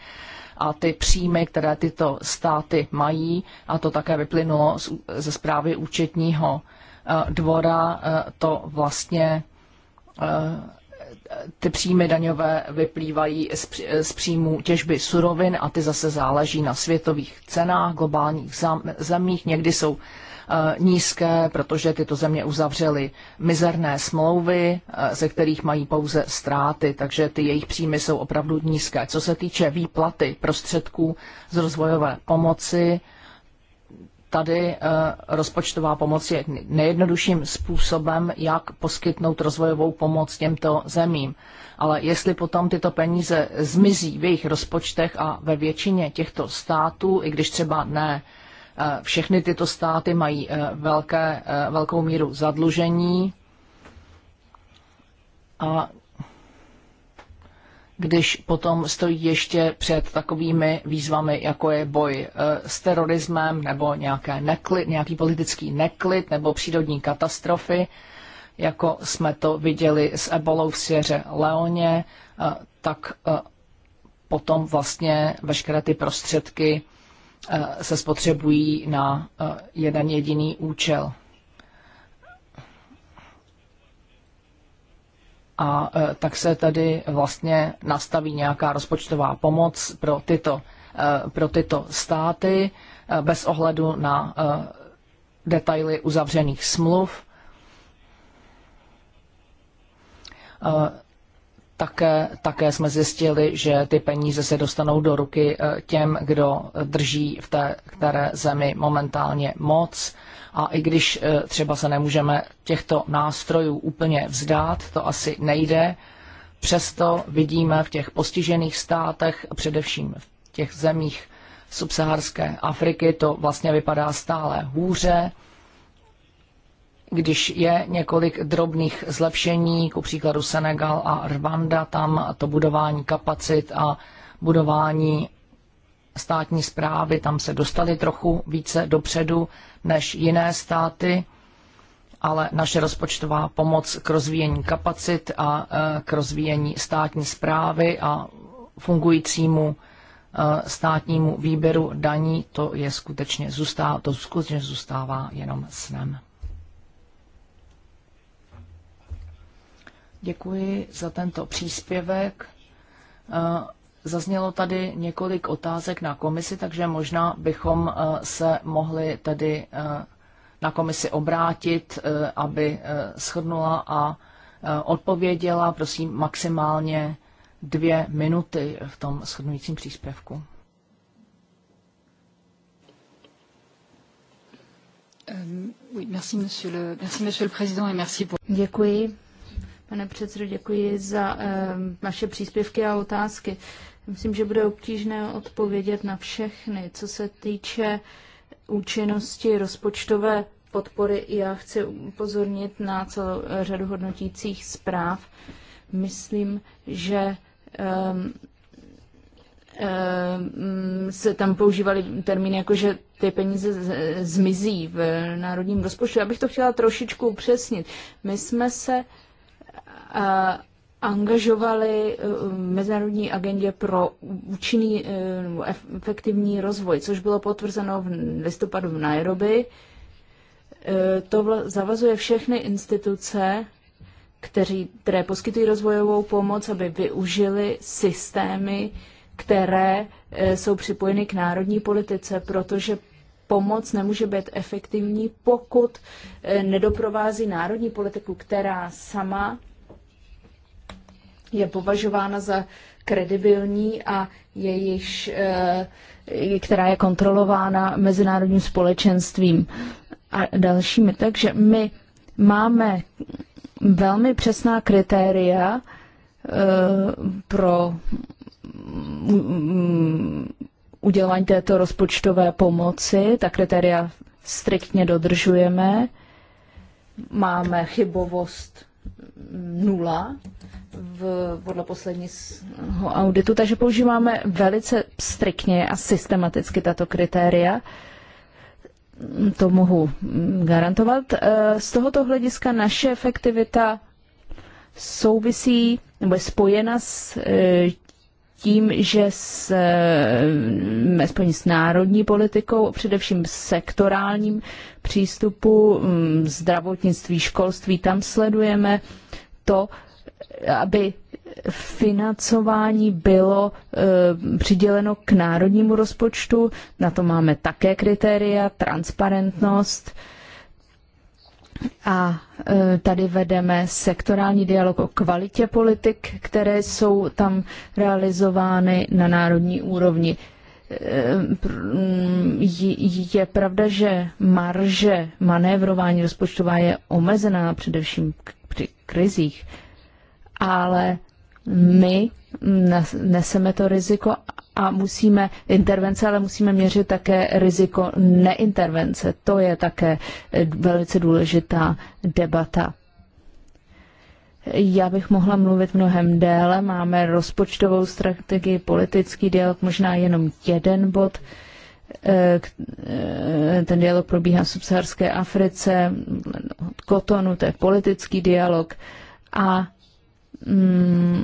a ty příjmy, které tyto státy mají, a to také vyplynulo ze zprávy účetního eh, dvora, eh, to vlastně eh, ty příjmy daňové vyplývají z, příjmů těžby surovin a ty zase záleží na světových cenách, globálních zemích. Někdy jsou Eh, nízké, protože tyto země uzavřely mizerné smlouvy, eh, ze kterých mají pouze ztráty, takže ty jejich příjmy jsou opravdu nízké. Co se týče výplaty prostředků z rozvojové pomoci, tady eh, rozpočtová pomoc je nejjednodušším způsobem, jak poskytnout rozvojovou pomoc těmto zemím. Ale jestli potom tyto peníze zmizí v jejich rozpočtech a ve většině těchto států, i když třeba ne Eh, všechny tyto státy mají eh, velké, eh, velkou míru zadlužení a když potom stojí ještě před takovými výzvami, jako je boj s terorismem nebo nějaké neklid, nějaký politický neklid nebo přírodní katastrofy, jako jsme to viděli s ebolou v Sěře Leoně, tak potom vlastně veškeré ty prostředky Eh, se spotřebují na eh, jeden jediný účel. A eh, tak se tady vlastně nastaví nějaká rozpočtová pomoc pro tyto, pro tyto státy bez ohledu na detaily uzavřených smluv také, také jsme zjistili, že ty peníze se dostanou do ruky eh, těm, kdo drží v té které zemi momentálně moc. A i když eh, třeba se nemůžeme těchto nástrojů úplně vzdát, to asi nejde, přesto vidíme v těch postižených státech, především v těch zemích subsaharské Afriky, to vlastně vypadá stále hůře když je několik drobných zlepšení, ku příkladu Senegal a Rwanda, tam to budování kapacit a budování státní zprávy, tam se dostali trochu více dopředu než jiné státy, ale naše rozpočtová pomoc k rozvíjení kapacit a e, k rozvíjení státní zprávy a fungujícímu e, státnímu výběru daní, to je skutečně zůstává, to skutečně zůstává jenom snem. Děkuji za tento příspěvek. Eh, zaznělo tady několik otázek na komisi, takže možná bychom eh, se mohli tedy eh, na komisi obrátit, aby shrnula a odpověděla, prosím, maximálně dvě minuty v tom shrnujícím příspěvku. Euh, Děkuji, Pane předsedo, děkuji za ehm, vaše příspěvky a otázky. Myslím, že bude obtížné odpovědět na všechny. Co se týče účinnosti rozpočtové podpory, já chci upozornit na celou řadu hodnotících zpráv. Myslím, že um, um, se tam používaly termíny jako, že ty peníze zmizí v národním rozpočtu. Já bych to chtěla trošičku upřesnit. My jsme se angažovali v e, Mezinárodní agendě pro účinný e, efektivní rozvoj, což bylo potvrzeno v listopadu v Nairobi. E, to zavazuje všechny instituce, kteří, které poskytují rozvojovou pomoc, aby využili systémy, které jsou připojeny k národní politice, protože pomoc nemůže být efektivní, pokud nedoprovází národní politiku, která sama je považována za kredibilní a jejíž, eh, která je kontrolována mezinárodním společenstvím a dalšími. Takže my máme velmi přesná kritéria eh, pro mm, mm, udělání této rozpočtové pomoci. Ta kritéria striktně dodržujeme. Máme chybovost nula v, podle posledního auditu, takže používáme velice striktně a systematicky tato kritéria. To mohu garantovat. E, z tohoto hlediska naše efektivita souvisí nebo je spojena s e, tím, že s, e, aspoň s národní politikou, především sektorálním přístupu zdravotnictví, školství, tam sledujeme to, aby financování bylo eh, přiděleno k národnímu rozpočtu. Na to máme také kritéria, transparentnost. A eh, tady vedeme sektorální dialog o kvalitě politik, které jsou tam realizovány na národní úrovni. Eh, mm, je pravda, že marže manévrování rozpočtová je omezená především při krizích ale my neseme to riziko a musíme intervence, ale musíme měřit také riziko neintervence. To je také eh, velice důležitá debata. Já bych mohla mluvit mnohem déle. Máme rozpočtovou strategii, politický dialog, možná jenom jeden bod. Eh, eh, ten dialog probíhá v subsaharské Africe, Kotonu, to je politický dialog. A mm,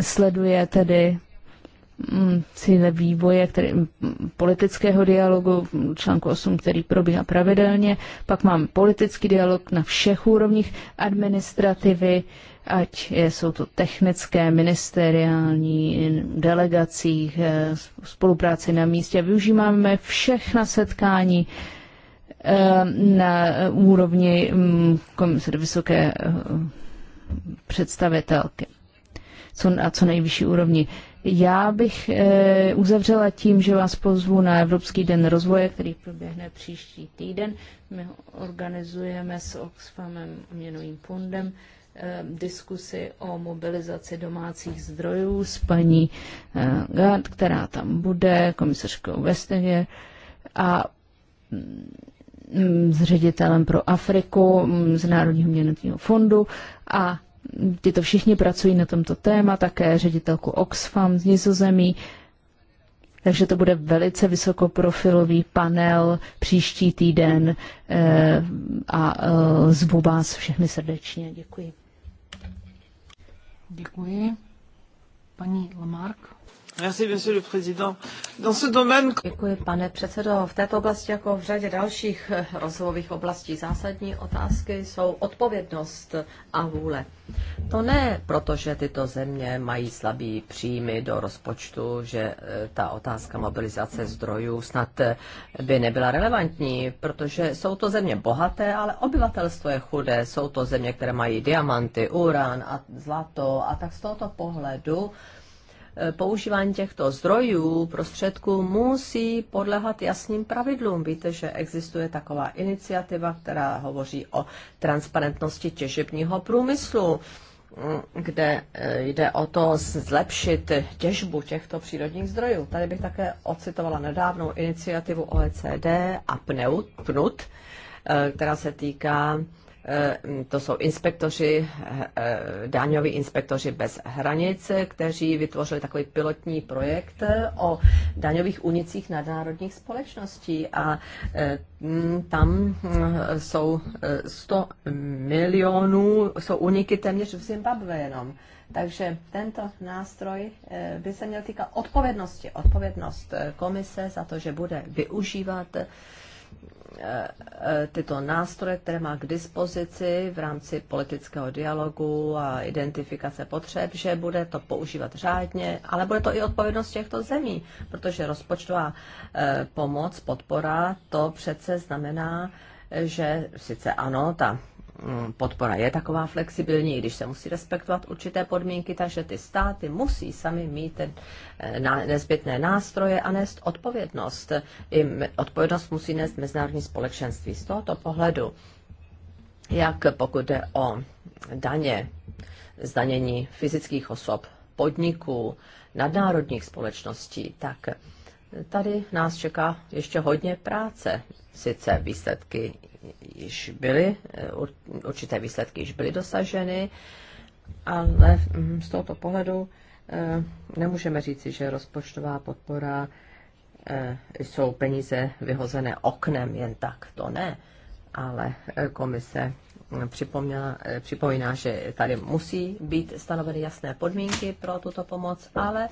sleduje tedy mm, cíle vývoje který, mm, politického dialogu, článku 8, který probíhá pravidelně. Pak máme politický dialog na všech úrovních administrativy, ať jsou to technické, ministeriální, delegacích, eh, spolupráci na místě. Využíváme všechna setkání eh, na úrovni mm, komise vysoké eh, představitelky co, na co nejvyšší úrovni. Já bych e, uzavřela tím, že vás pozvu na Evropský den rozvoje, který proběhne příští týden. My ho organizujeme s Oxfamem měnovým fondem e, o mobilizaci domácích zdrojů s paní e, eh, Gard, která tam bude, komisařkou Vestevě. A mm, Mm, s ředitelem pro Afriku mm, z Národního měnového fondu a tyto všichni pracují na tomto téma, také ředitelku Oxfam z Nizozemí. Takže to bude velice vysokoprofilový panel příští týden eh, a eh, zvu vás všechny srdečně. Děkuji. Děkuji. Paní Lamarck. Děkuji, pane předsedo. V této oblasti, jako v řadě dalších eh, rozvojových oblastí, zásadní otázky jsou odpovědnost a vůle. To ne proto, že tyto země mají slabý příjmy do rozpočtu, že eh, ta otázka mobilizace zdrojů snad eh, by nebyla relevantní, protože jsou to země bohaté, ale obyvatelstvo je chudé, jsou to země, které mají diamanty, urán a zlato a tak z tohoto pohledu Eh, používání těchto zdrojů, prostředků musí podlehat jasným pravidlům. Víte, že existuje taková iniciativa, která hovoří o transparentnosti těžebního průmyslu mm, kde eh, jde o to zlepšit těžbu těchto přírodních zdrojů. Tady bych také ocitovala nedávnou iniciativu OECD a PNUT, eh, která se týká Eh, to jsou inspektoři, eh, daňoví inspektoři bez hranic, kteří vytvořili takový pilotní projekt o daňových unicích nadnárodních společností a eh, mm, tam hm, jsou 100 milionů, jsou uniky téměř v Zimbabwe jenom. Takže tento nástroj by se měl týkat odpovědnosti. Odpovědnost komise za to, že bude využívat E, e, tyto nástroje, které má k dispozici v rámci politického dialogu a identifikace potřeb, že bude to používat řádně, ale bude to i odpovědnost těchto zemí, protože rozpočtová e, pomoc, podpora, to přece znamená, že sice ano, ta Mm, podpora je taková flexibilní, i když se musí respektovat určité podmínky, takže ty státy musí sami mít ten eh, nezbytné nástroje a nést odpovědnost. I odpovědnost musí nést mezinárodní společenství z tohoto pohledu. Jak pokud jde o daně, zdanění fyzických osob, podniků, nadnárodních společností, tak tady nás čeká ještě hodně práce. Sice výsledky již byly, eh, určité výsledky již byly dosaženy, ale mm, z tohoto pohledu eh, nemůžeme říci, že rozpočtová podpora eh, jsou peníze vyhozené oknem jen tak, to ne, ale komise připomíná, že tady musí být stanoveny jasné podmínky pro tuto pomoc, ale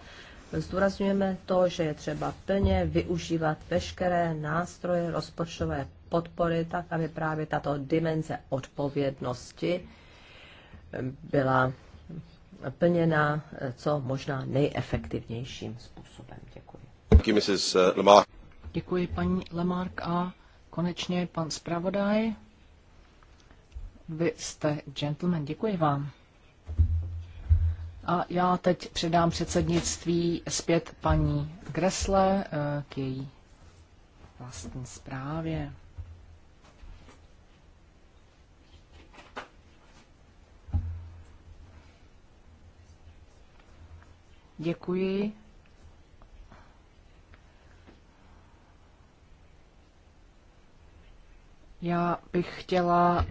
zdůrazňujeme to, že je třeba plně využívat veškeré nástroje rozpočtové podpory, tak aby právě tato dimenze odpovědnosti byla plněna co možná nejefektivnějším způsobem. Děkuji. Děkuji, paní Lemark. A konečně pan zpravodaj. Vy jste gentleman, děkuji vám. A já teď předám předsednictví zpět paní Gresle eh, k její vlastní zprávě. Děkuji. Já bych chtěla uh,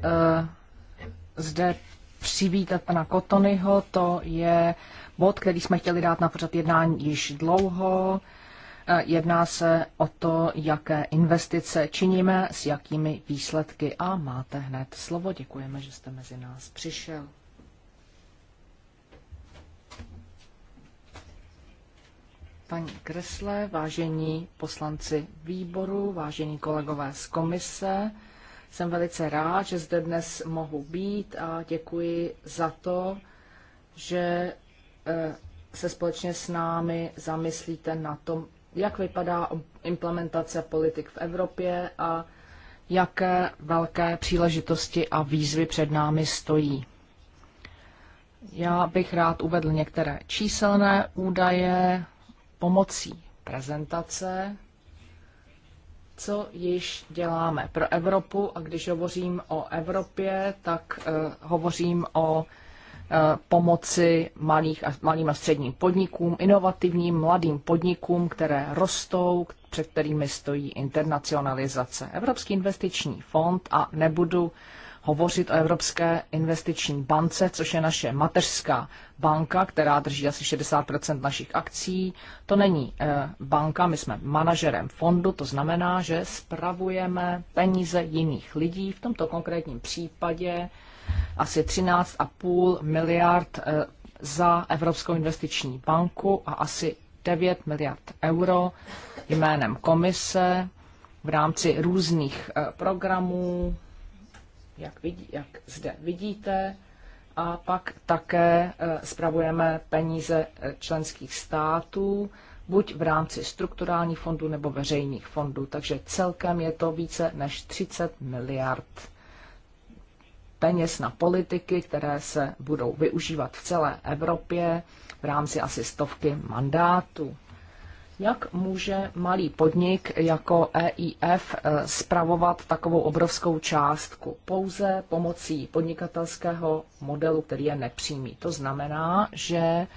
zde přivítat pana Kotonyho. To je bod, který jsme chtěli dát na pořad jednání již dlouho. Eh, jedná se o to, jaké investice činíme, s jakými výsledky a máte hned slovo. Děkujeme, že jste mezi nás přišel. paní Kresle, vážení poslanci výboru, vážení kolegové z komise. Jsem velice rád, že zde dnes mohu být a děkuji za to, že eh, se společně s námi zamyslíte na tom, jak vypadá implementace politik v Evropě a jaké velké příležitosti a výzvy před námi stojí. Já bych rád uvedl některé číselné údaje, pomocí prezentace, co již děláme pro Evropu. A když hovořím o Evropě, tak uh, hovořím o eh, pomoci malých a, malým a středním podnikům, inovativním mladým podnikům, které rostou, před kterými stojí internacionalizace. Evropský investiční fond a nebudu uh, hovořit o Evropské investiční bance, což je naše mateřská banka, která drží asi 60 našich akcí. To není eh, banka, my jsme manažerem fondu, to znamená, že spravujeme peníze jiných lidí. V tomto konkrétním případě asi 13,5 miliard eh, za Evropskou investiční banku a asi 9 miliard euro jménem komise v rámci různých eh, programů, jak, vidí, jak zde vidíte. A pak také eh, spravujeme peníze eh, členských států, buď v rámci strukturálních fondů nebo veřejných fondů. Takže celkem je to více než 30 miliard peněz na politiky, které se budou využívat v celé Evropě v rámci asi stovky mandátů. Jak může malý podnik jako EIF eh, spravovat takovou obrovskou částku? Pouze pomocí podnikatelského modelu, který je nepřímý. To znamená, že eh,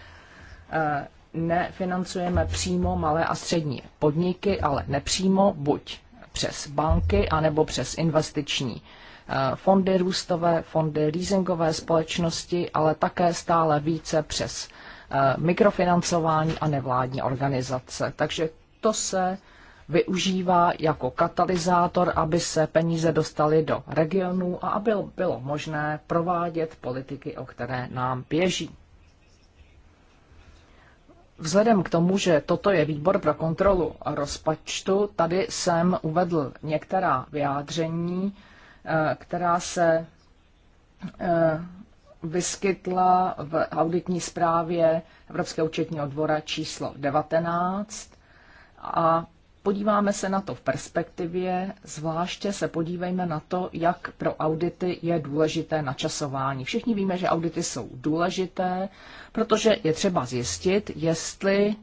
nefinancujeme přímo malé a střední podniky, ale nepřímo buď přes banky, anebo přes investiční eh, fondy růstové, fondy leasingové společnosti, ale také stále více přes Eh, mikrofinancování a nevládní organizace. Takže to se využívá jako katalyzátor, aby se peníze dostaly do regionů a aby bylo možné provádět politiky, o které nám běží. Vzhledem k tomu, že toto je výbor pro kontrolu rozpočtu, tady jsem uvedl některá vyjádření, eh, která se eh, vyskytla v auditní zprávě Evropského účetního dvora číslo 19 a podíváme se na to v perspektivě, zvláště se podívejme na to, jak pro audity je důležité načasování. Všichni víme, že audity jsou důležité, protože je třeba zjistit, jestli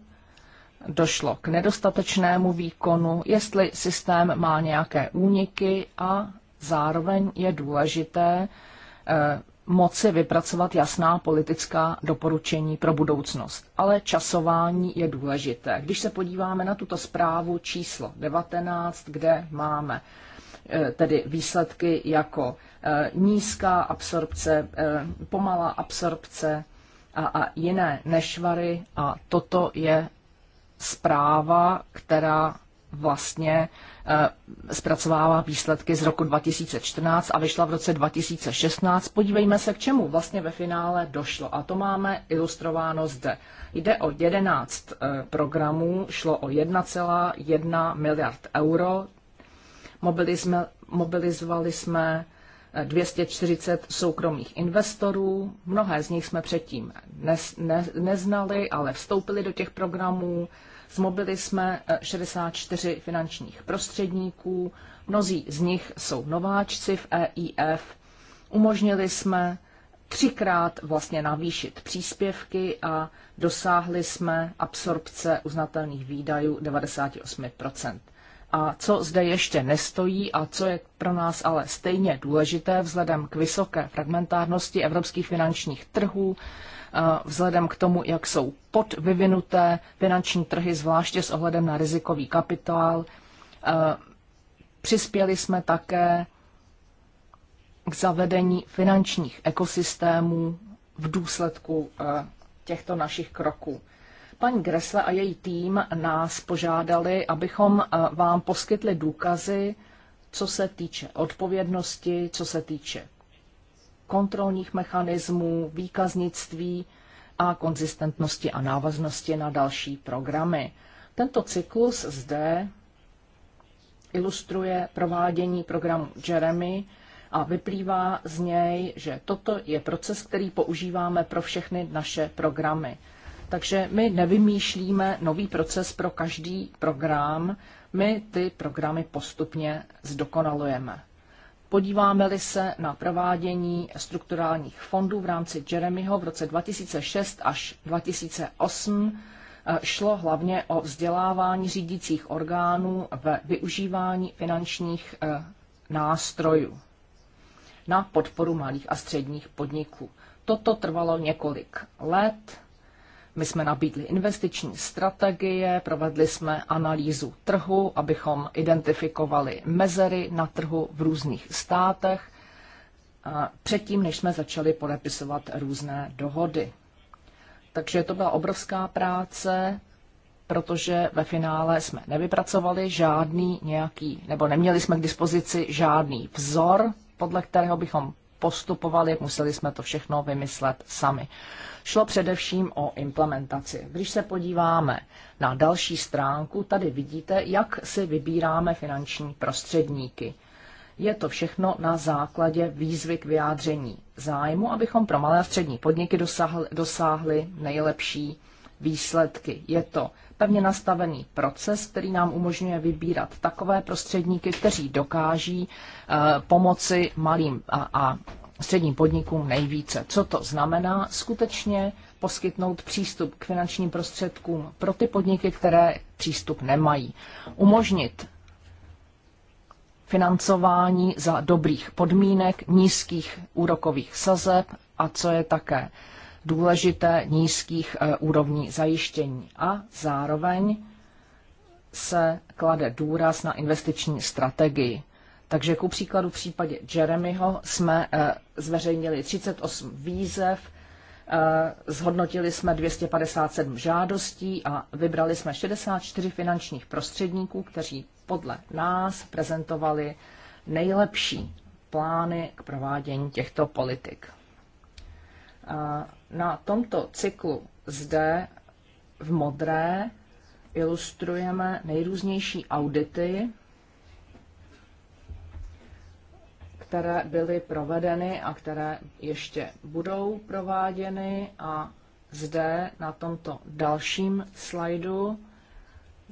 došlo k nedostatečnému výkonu, jestli systém má nějaké úniky a zároveň je důležité eh, moci vypracovat jasná politická doporučení pro budoucnost. Ale časování je důležité. Když se podíváme na tuto zprávu číslo 19, kde máme e, tedy výsledky jako e, nízká absorpce, e, pomalá absorpce a, a jiné nešvary. A toto je zpráva, která vlastně eh, zpracovává výsledky z roku 2014 a vyšla v roce 2016. Podívejme se, k čemu vlastně ve finále došlo. A to máme ilustrováno zde. Jde o 11 eh, programů, šlo o 1,1 miliard euro. Mobilizme, mobilizovali jsme 240 soukromých investorů. Mnohé z nich jsme předtím ne, neznali, ale vstoupili do těch programů. Zmobili jsme 64 eh, finančních prostředníků. Mnozí z nich jsou nováčci v EIF. Umožnili jsme třikrát vlastně navýšit příspěvky a dosáhli jsme absorpce uznatelných výdajů 98 a co zde ještě nestojí a co je pro nás ale stejně důležité vzhledem k vysoké fragmentárnosti evropských finančních trhů, eh, vzhledem k tomu, jak jsou podvyvinuté finanční trhy, zvláště s ohledem na rizikový kapitál. Eh, přispěli jsme také k zavedení finančních ekosystémů v důsledku eh, těchto našich kroků. Paní Gresle a její tým nás požádali, abychom eh, vám poskytli důkazy, co se týče odpovědnosti, co se týče kontrolních mechanismů, výkaznictví a konzistentnosti a návaznosti na další programy. Tento cyklus zde ilustruje provádění programu Jeremy a vyplývá z něj, že toto je proces, který používáme pro všechny naše programy. Takže my nevymýšlíme nový proces pro každý program, my ty programy postupně zdokonalujeme. Podíváme-li se na provádění strukturálních fondů v rámci Jeremyho v roce 2006 až 2008, eh, šlo hlavně o vzdělávání řídících orgánů ve využívání finančních eh, nástrojů na podporu malých a středních podniků. Toto trvalo několik let my jsme nabídli investiční strategie, provedli jsme analýzu trhu, abychom identifikovali mezery na trhu v různých státech, předtím, než jsme začali podepisovat různé dohody. Takže to byla obrovská práce, protože ve finále jsme nevypracovali žádný nějaký, nebo neměli jsme k dispozici žádný vzor, podle kterého bychom postupovali, museli jsme to všechno vymyslet sami. Šlo především o implementaci. Když se podíváme na další stránku, tady vidíte, jak si vybíráme finanční prostředníky. Je to všechno na základě výzvy k vyjádření zájmu, abychom pro malé a střední podniky dosáhli, dosáhli nejlepší výsledky. Je to pevně nastavený proces, který nám umožňuje vybírat takové prostředníky, kteří dokáží eh, pomoci malým a středním podnikům nejvíce. Co to znamená? Skutečně poskytnout přístup k finančním prostředkům pro ty podniky, které přístup nemají. Umožnit financování za dobrých podmínek, nízkých úrokových sazeb a co je také důležité nízkých eh, úrovní zajištění. A zároveň se klade důraz na investiční strategii. Takže ku příkladu v případě Jeremyho jsme eh, zveřejnili 38 výzev, eh, zhodnotili jsme 257 žádostí a vybrali jsme 64 finančních prostředníků, kteří podle nás prezentovali nejlepší plány k provádění těchto politik. Na tomto cyklu zde v modré ilustrujeme nejrůznější audity, které byly provedeny a které ještě budou prováděny. A zde na tomto dalším slajdu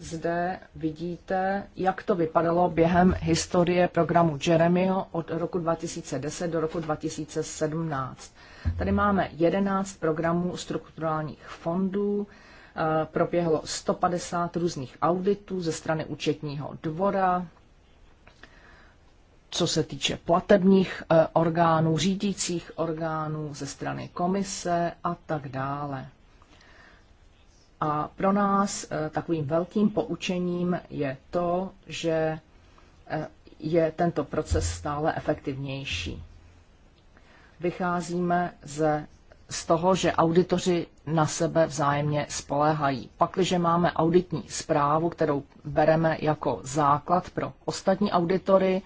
zde vidíte, jak to vypadalo během historie programu Jeremio od roku 2010 do roku 2017. Tady máme 11 programů strukturálních fondů, eh, proběhlo 150 různých auditů ze strany účetního dvora, co se týče platebních eh, orgánů, řídících orgánů ze strany komise a tak dále. A pro nás eh, takovým velkým poučením je to, že eh, je tento proces stále efektivnější. Vycházíme ze, z toho, že auditoři na sebe vzájemně spoléhají. Pakliže máme auditní zprávu, kterou bereme jako základ pro ostatní auditory,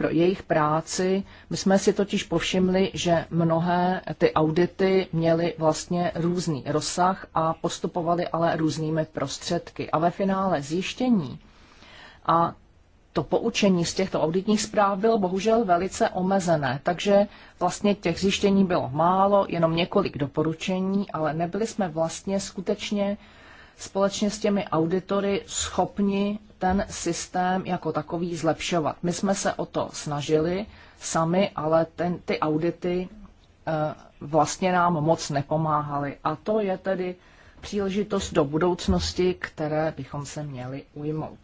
pro jejich práci. My jsme si totiž povšimli, že mnohé ty audity měly vlastně různý rozsah a postupovaly ale různými prostředky. A ve finále zjištění a to poučení z těchto auditních zpráv bylo bohužel velice omezené, takže vlastně těch zjištění bylo málo, jenom několik doporučení, ale nebyli jsme vlastně skutečně společně s těmi auditory schopni ten systém jako takový zlepšovat. My jsme se o to snažili sami, ale ten, ty audity eh, vlastně nám moc nepomáhaly. A to je tedy příležitost do budoucnosti, které bychom se měli ujmout.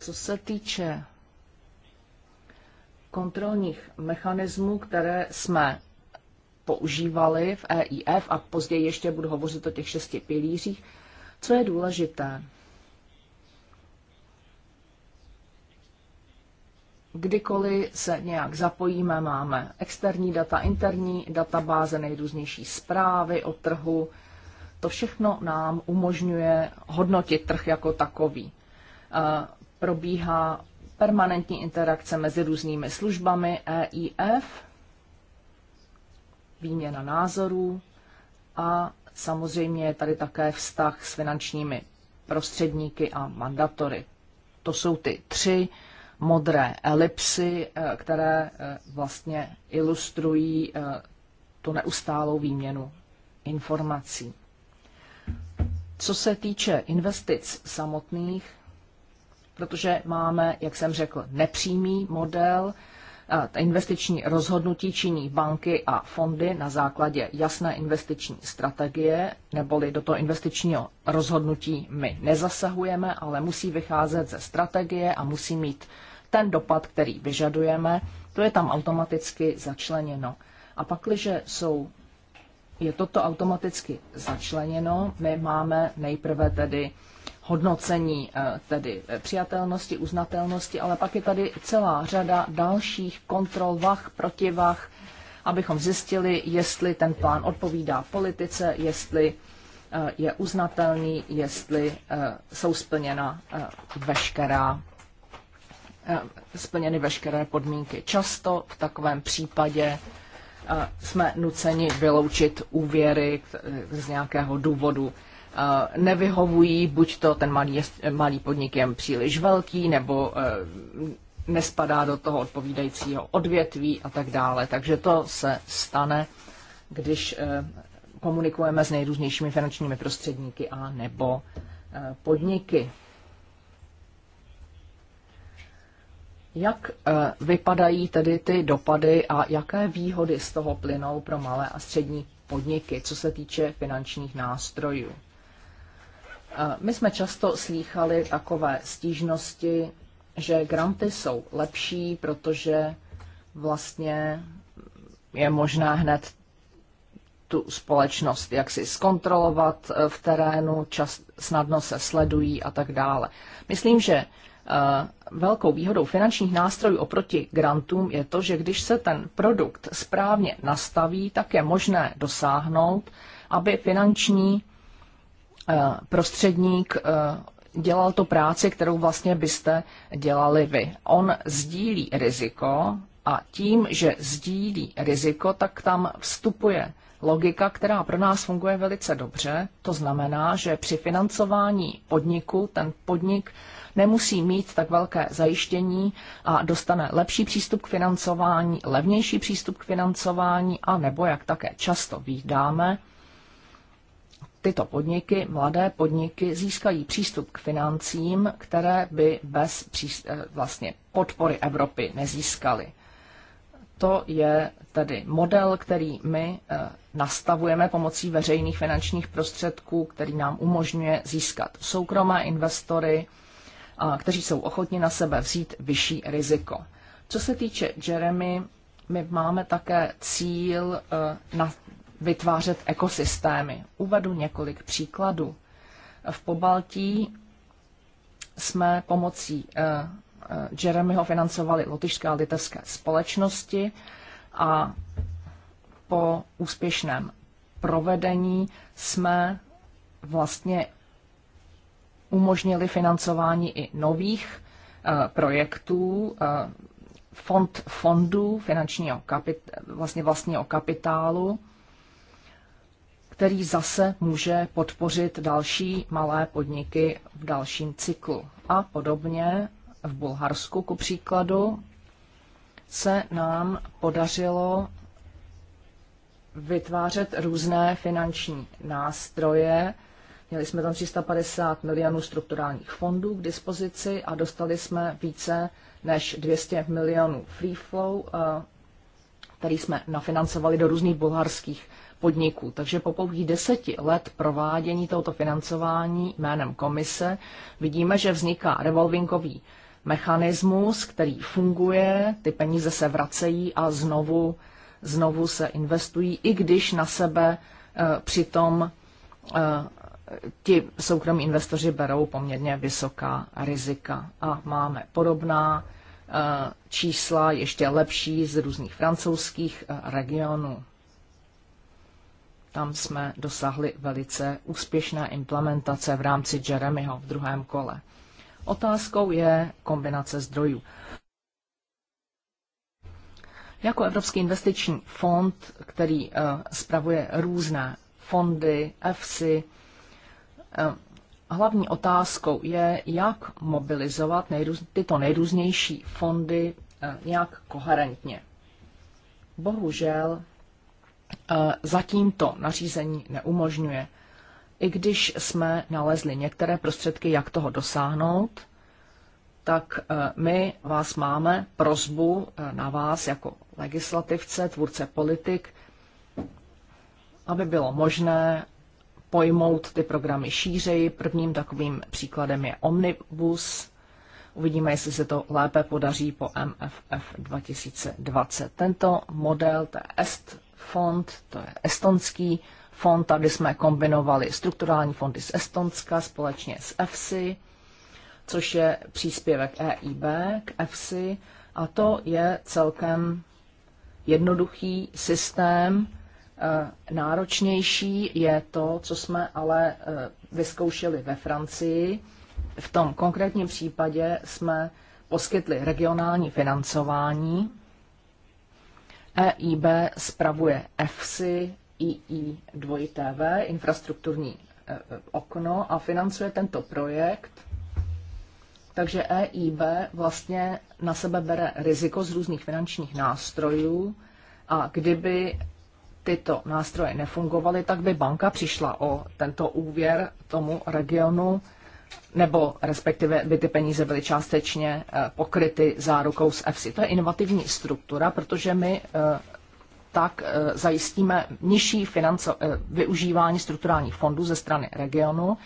Co se týče kontrolních mechanismů, které jsme používali v EIF a později ještě budu hovořit o těch šesti pilířích. Co je důležité? Kdykoliv se nějak zapojíme, máme externí data, interní databáze, nejrůznější zprávy o trhu. To všechno nám umožňuje hodnotit trh jako takový. Eh, probíhá permanentní interakce mezi různými službami EIF, výměna názorů a samozřejmě je tady také vztah s finančními prostředníky a mandatory. To jsou ty tři modré elipsy, eh, které eh, vlastně ilustrují eh, tu neustálou výměnu informací. Co se týče investic samotných, protože máme, jak jsem řekl, nepřímý model, investiční rozhodnutí činí banky a fondy na základě jasné investiční strategie, neboli do toho investičního rozhodnutí my nezasahujeme, ale musí vycházet ze strategie a musí mít ten dopad, který vyžadujeme, to je tam automaticky začleněno. A pakliže jsou, je toto automaticky začleněno, my máme nejprve tedy hodnocení eh, tedy eh, přijatelnosti, uznatelnosti, ale pak je tady celá řada dalších kontrol, vach, protivah, abychom zjistili, jestli ten plán odpovídá politice, jestli eh, je uznatelný, jestli jsou splněna veškerá splněny veškeré podmínky. Často v takovém případě jsme nuceni vyloučit úvěry z nějakého důvodu Eh, nevyhovují, buď to ten malý, malý podnik je příliš velký, nebo eh, nespadá do toho odpovídajícího odvětví a tak dále. Takže to se stane, když eh, komunikujeme s nejrůznějšími finančními prostředníky a nebo podniky. Jak vypadají tedy ty dopady a jaké výhody z toho plynou pro malé a střední podniky, co se týče finančních nástrojů? My jsme často slýchali takové stížnosti, že granty jsou lepší, protože vlastně je možná hned tu společnost jak si zkontrolovat eh, v terénu, čas, snadno se sledují a tak dále. Myslím, že eh, velkou výhodou finančních nástrojů oproti grantům je to, že když se ten produkt správně nastaví, tak je možné dosáhnout, aby finanční Eh, prostředník eh, dělal to práci, kterou vlastně byste dělali vy. On sdílí riziko a tím, že sdílí riziko, tak tam vstupuje logika, která pro nás funguje velice dobře. To znamená, že při financování podniku ten podnik nemusí mít tak velké zajištění a dostane lepší přístup k financování, levnější přístup k financování a nebo, jak také často výdáme tyto podniky, mladé podniky, získají přístup k financím, které by bez eh, vlastně podpory Evropy nezískaly. To je tedy model, který my eh, nastavujeme pomocí veřejných finančních prostředků, který nám umožňuje získat soukromé investory, kteří jsou ochotni na sebe vzít vyšší riziko. Co se týče Jeremy, my máme také cíl eh, na vytvářet ekosystémy. Uvedu několik příkladů. V Pobaltí jsme pomocí eh, eh, Jeremyho financovali lotyšské a litevské společnosti a po úspěšném provedení jsme vlastně umožnili financování i nových eh, projektů, fond fondů finančního kapit, vlastně vlastního kapitálu který zase může podpořit další malé podniky v dalším cyklu. A podobně v Bulharsku, ku příkladu, se nám podařilo vytvářet různé finanční nástroje. Měli jsme tam 350 milionů strukturálních fondů k dispozici a dostali jsme více než 200 milionů free flow, eh, který jsme nafinancovali do různých bulharských podniků. Takže po pouhých deseti let provádění tohoto financování jménem komise vidíme, že vzniká revolvingový mechanismus, který funguje, ty peníze se vracejí a znovu, znovu se investují, i když na sebe e, přitom e, ti soukromí investoři berou poměrně vysoká rizika. A máme podobná eh, čísla, ještě lepší z různých francouzských regionů. Tam jsme dosahli velice úspěšné implementace v rámci Jeremyho v druhém kole. Otázkou je kombinace zdrojů. Jako Evropský investiční fond, který uh, spravuje různé fondy, EFSI, uh, eh, hlavní otázkou je, jak mobilizovat nejrůz, tyto nejrůznější fondy uh, nějak koherentně. Bohužel E, zatím to nařízení neumožňuje. I když jsme nalezli některé prostředky, jak toho dosáhnout, tak e, my vás máme prozbu e, na vás jako legislativce, tvůrce politik, aby bylo možné pojmout ty programy šířeji. Prvním takovým příkladem je Omnibus. Uvidíme, jestli se to lépe podaří po MFF 2020. Tento model té EST fond, to je estonský fond, tady jsme kombinovali strukturální fondy z Estonska společně s EFSI, což je příspěvek EIB k EFSI a to je celkem jednoduchý systém, eh, náročnější je to, co jsme ale eh, vyzkoušeli ve Francii. V tom konkrétním případě jsme poskytli regionální financování EIB spravuje EFSI, II 2TV, infrastrukturní e, e, okno a financuje tento projekt. Takže EIB vlastně na sebe bere riziko z různých finančních nástrojů a kdyby tyto nástroje nefungovaly, tak by banka přišla o tento úvěr tomu regionu nebo respektive by ty peníze byly částečně eh, pokryty zárukou z EFSI. To je inovativní struktura, protože my eh, tak eh, zajistíme nižší financo- využívání strukturálních fondů ze strany regionu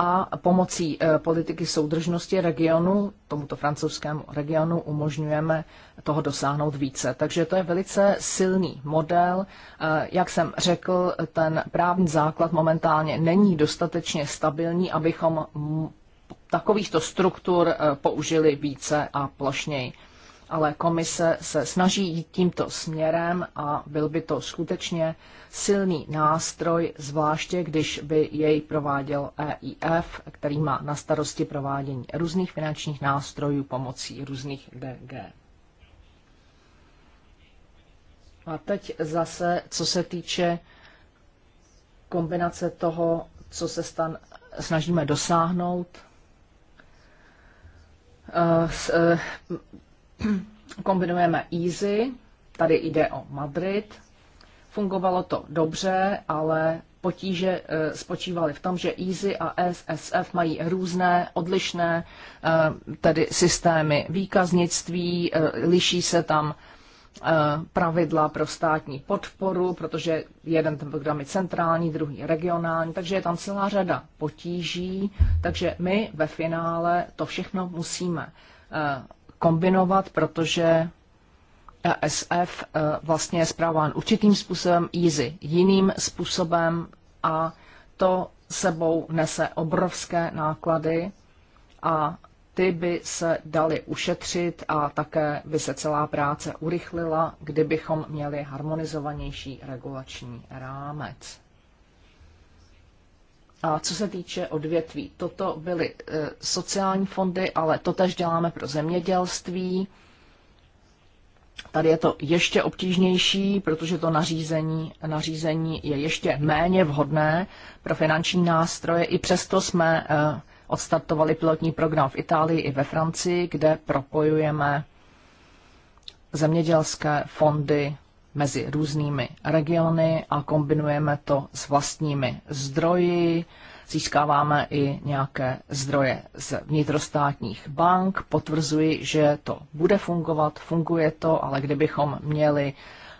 a pomocí eh, politiky soudržnosti regionu, tomuto francouzskému regionu, umožňujeme toho dosáhnout více. Takže to je velice silný model. Eh, jak jsem řekl, ten právní základ momentálně není dostatečně stabilní, abychom takovýchto struktur eh, použili více a plošněji ale komise se snaží jít tímto směrem a byl by to skutečně silný nástroj, zvláště když by jej prováděl EIF, který má na starosti provádění různých finančních nástrojů pomocí různých DG. A teď zase, co se týče kombinace toho, co se stan, snažíme dosáhnout, eh, kombinujeme Easy, tady jde o Madrid. Fungovalo to dobře, ale potíže eh, spočívaly v tom, že EASY a SSF mají různé, odlišné eh, tedy systémy výkaznictví, eh, liší se tam pravidla pro státní podporu, protože jeden ten program je centrální, druhý regionální, takže je tam celá řada potíží, takže my ve finále to všechno musíme kombinovat, protože ESF e, vlastně je zpráván určitým způsobem, EASY jiným způsobem a to sebou nese obrovské náklady a ty by se daly ušetřit a také by se celá práce urychlila, kdybychom měli harmonizovanější regulační rámec. A co se týče odvětví, toto byly e, sociální fondy, ale to tež děláme pro zemědělství. Tady je to ještě obtížnější, protože to nařízení, nařízení je ještě méně vhodné pro finanční nástroje. I přesto jsme e, odstartovali pilotní program v Itálii i ve Francii, kde propojujeme zemědělské fondy mezi různými regiony a kombinujeme to s vlastními zdroji. Získáváme i nějaké zdroje z vnitrostátních bank. Potvrzuji, že to bude fungovat, funguje to, ale kdybychom měli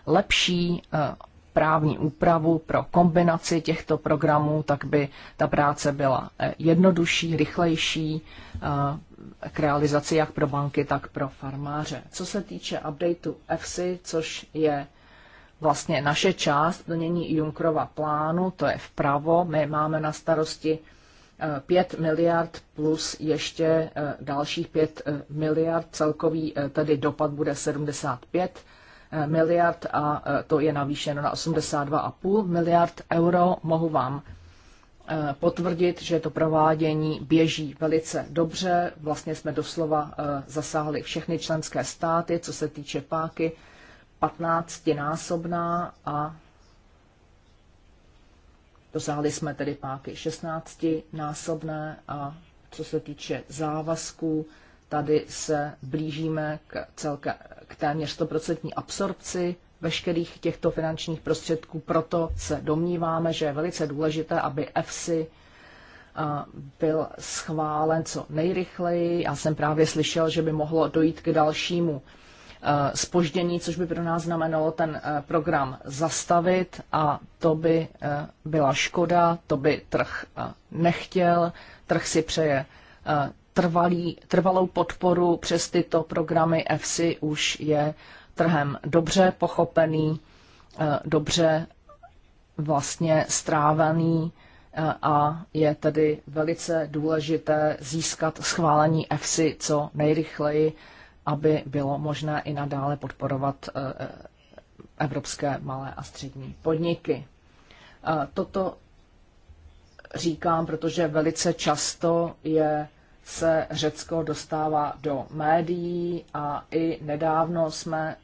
lepší eh, právní úpravu pro kombinaci těchto programů, tak by ta práce byla eh, jednodušší, rychlejší eh, k realizaci jak pro banky, tak pro farmáře. Co se týče updateu EFSI, což je vlastně naše část plnění Junkrova plánu, to je vpravo, my máme na starosti 5 eh, miliard plus ještě eh, dalších 5 eh, miliard, celkový tedy dopad bude 75 miliard a to je navýšeno na 82,5 miliard euro. Mohu vám potvrdit, že to provádění běží velice dobře. Vlastně jsme doslova zasáhli všechny členské státy, co se týče páky patnáctinásobná a dosáhli jsme tedy páky 16 a co se týče závazků, tady se blížíme k, celka, k téměř 100% absorpci veškerých těchto finančních prostředků. Proto se domníváme, že je velice důležité, aby EFSI eh, byl schválen co nejrychleji. Já jsem právě slyšel, že by mohlo dojít k dalšímu spoždění, eh, což by pro nás znamenalo ten eh, program zastavit a to by eh, byla škoda, to by trh nechtěl. Trh si přeje trvalý, trvalou podporu přes tyto programy. EFSI už je trhem dobře pochopený, dobře vlastně strávený a je tedy velice důležité získat schválení EFSI co nejrychleji aby bylo možné i nadále podporovat eh, eh, evropské malé a střední podniky. Eh, toto říkám, protože velice často je se Řecko dostává do médií a i nedávno jsme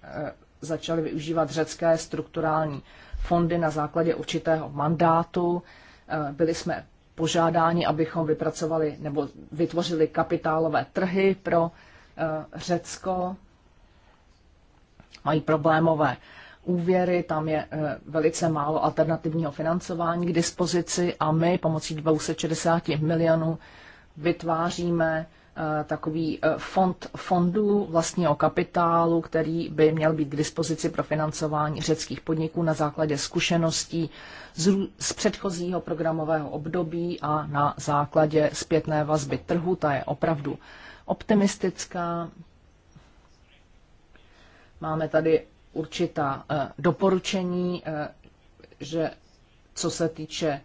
začali využívat řecké strukturální fondy na základě určitého mandátu. Byli jsme požádáni, abychom vypracovali nebo vytvořili kapitálové trhy pro Eh, Řecko, mají problémové úvěry, tam je eh, velice málo alternativního financování k dispozici a my pomocí 260 milionů vytváříme eh, takový fond fondů vlastního kapitálu, který by měl být k dispozici pro financování řeckých podniků na základě zkušeností z, z předchozího programového období a na základě zpětné vazby trhu. Ta je opravdu optimistická. Máme tady určitá eh, doporučení, eh, že co se týče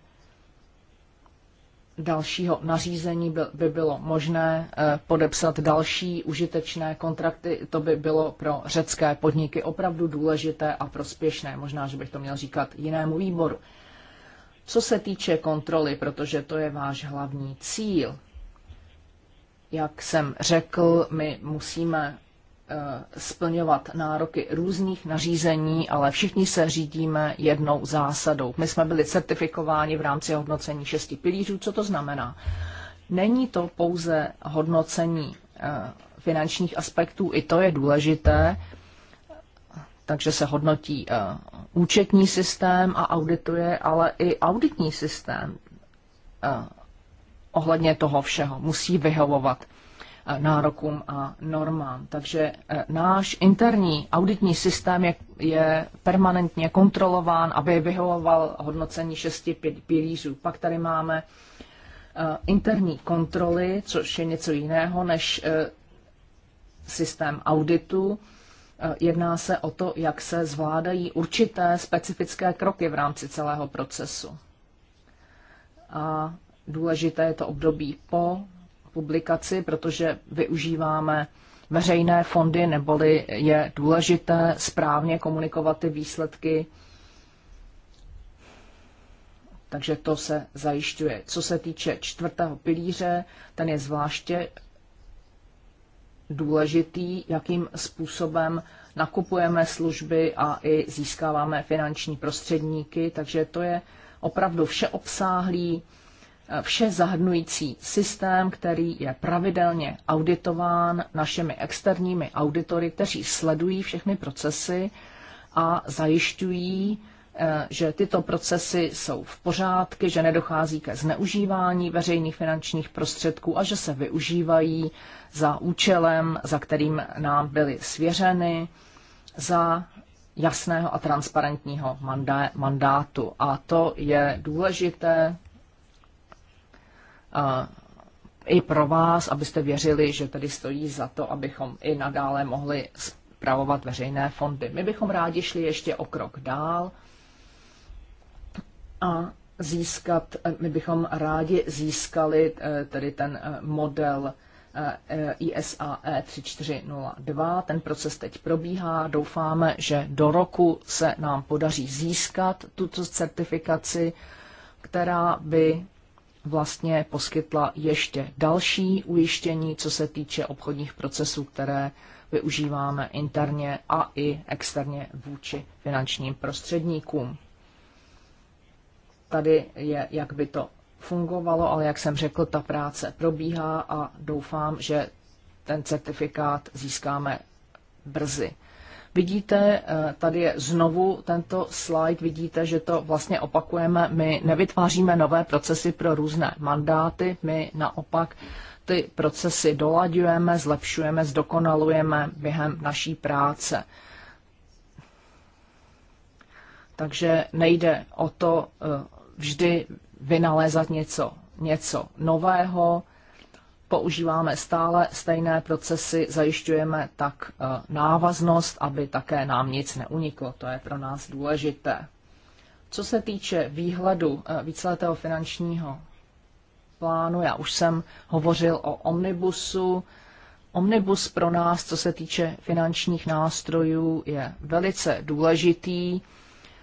dalšího nařízení by bylo možné eh, podepsat další užitečné kontrakty. To by bylo pro řecké podniky opravdu důležité a prospěšné. Možná, že bych to měl říkat jinému výboru. Co se týče kontroly, protože to je váš hlavní cíl, jak jsem řekl, my musíme eh, splňovat nároky různých nařízení, ale všichni se řídíme jednou zásadou. My jsme byli certifikováni v rámci hodnocení šesti pilířů. Co to znamená? Není to pouze hodnocení eh, finančních aspektů, i to je důležité, takže se hodnotí eh, účetní systém a audituje, ale i auditní systém ohledně toho všeho. Musí vyhovovat eh, nárokům a normám. Takže eh, náš interní auditní systém je, je permanentně kontrolován, aby vyhovoval hodnocení šesti pilířů. Pak tady máme eh, interní kontroly, což je něco jiného než systém auditu. Jedná se o to, jak se zvládají určité specifické kroky v rámci celého procesu. A důležité je to období po publikaci, protože využíváme veřejné fondy, neboli je důležité správně komunikovat ty výsledky. Takže to se zajišťuje. Co se týče čtvrtého pilíře, ten je zvláště důležitý, jakým způsobem nakupujeme služby a i získáváme finanční prostředníky, takže to je opravdu všeobsáhlý vše zahrnující systém, který je pravidelně auditován našimi externími auditory, kteří sledují všechny procesy a zajišťují, eh, že tyto procesy jsou v pořádky, že nedochází ke zneužívání veřejných finančních prostředků a že se využívají za účelem, za kterým nám byly svěřeny, za jasného a transparentního mandátu. A to je důležité i pro vás, abyste věřili, že tedy stojí za to, abychom i nadále mohli zpravovat veřejné fondy. My bychom rádi šli ještě o krok dál a získat, my bychom rádi získali eh, tedy ten eh, model eh, ISAE 3402. Ten proces teď probíhá. Doufáme, že do roku se nám podaří získat tuto certifikaci, která by vlastně poskytla ještě další ujištění, co se týče obchodních procesů, které využíváme interně a i externě vůči finančním prostředníkům. Tady je, jak by to fungovalo, ale jak jsem řekl, ta práce probíhá a doufám, že ten certifikát získáme brzy. Vidíte, eh, tady je znovu tento slide, vidíte, že to vlastně opakujeme. My nevytváříme nové procesy pro různé mandáty, my naopak ty procesy dolaďujeme, zlepšujeme, zdokonalujeme během naší práce. Takže nejde o to eh, vždy vynalézat něco, něco nového, používáme stále stejné procesy, zajišťujeme tak eh, návaznost, aby také nám nic neuniklo. To je pro nás důležité. Co se týče výhledu eh, víceletého finančního plánu, já už jsem hovořil o omnibusu. Omnibus pro nás, co se týče finančních nástrojů, je velice důležitý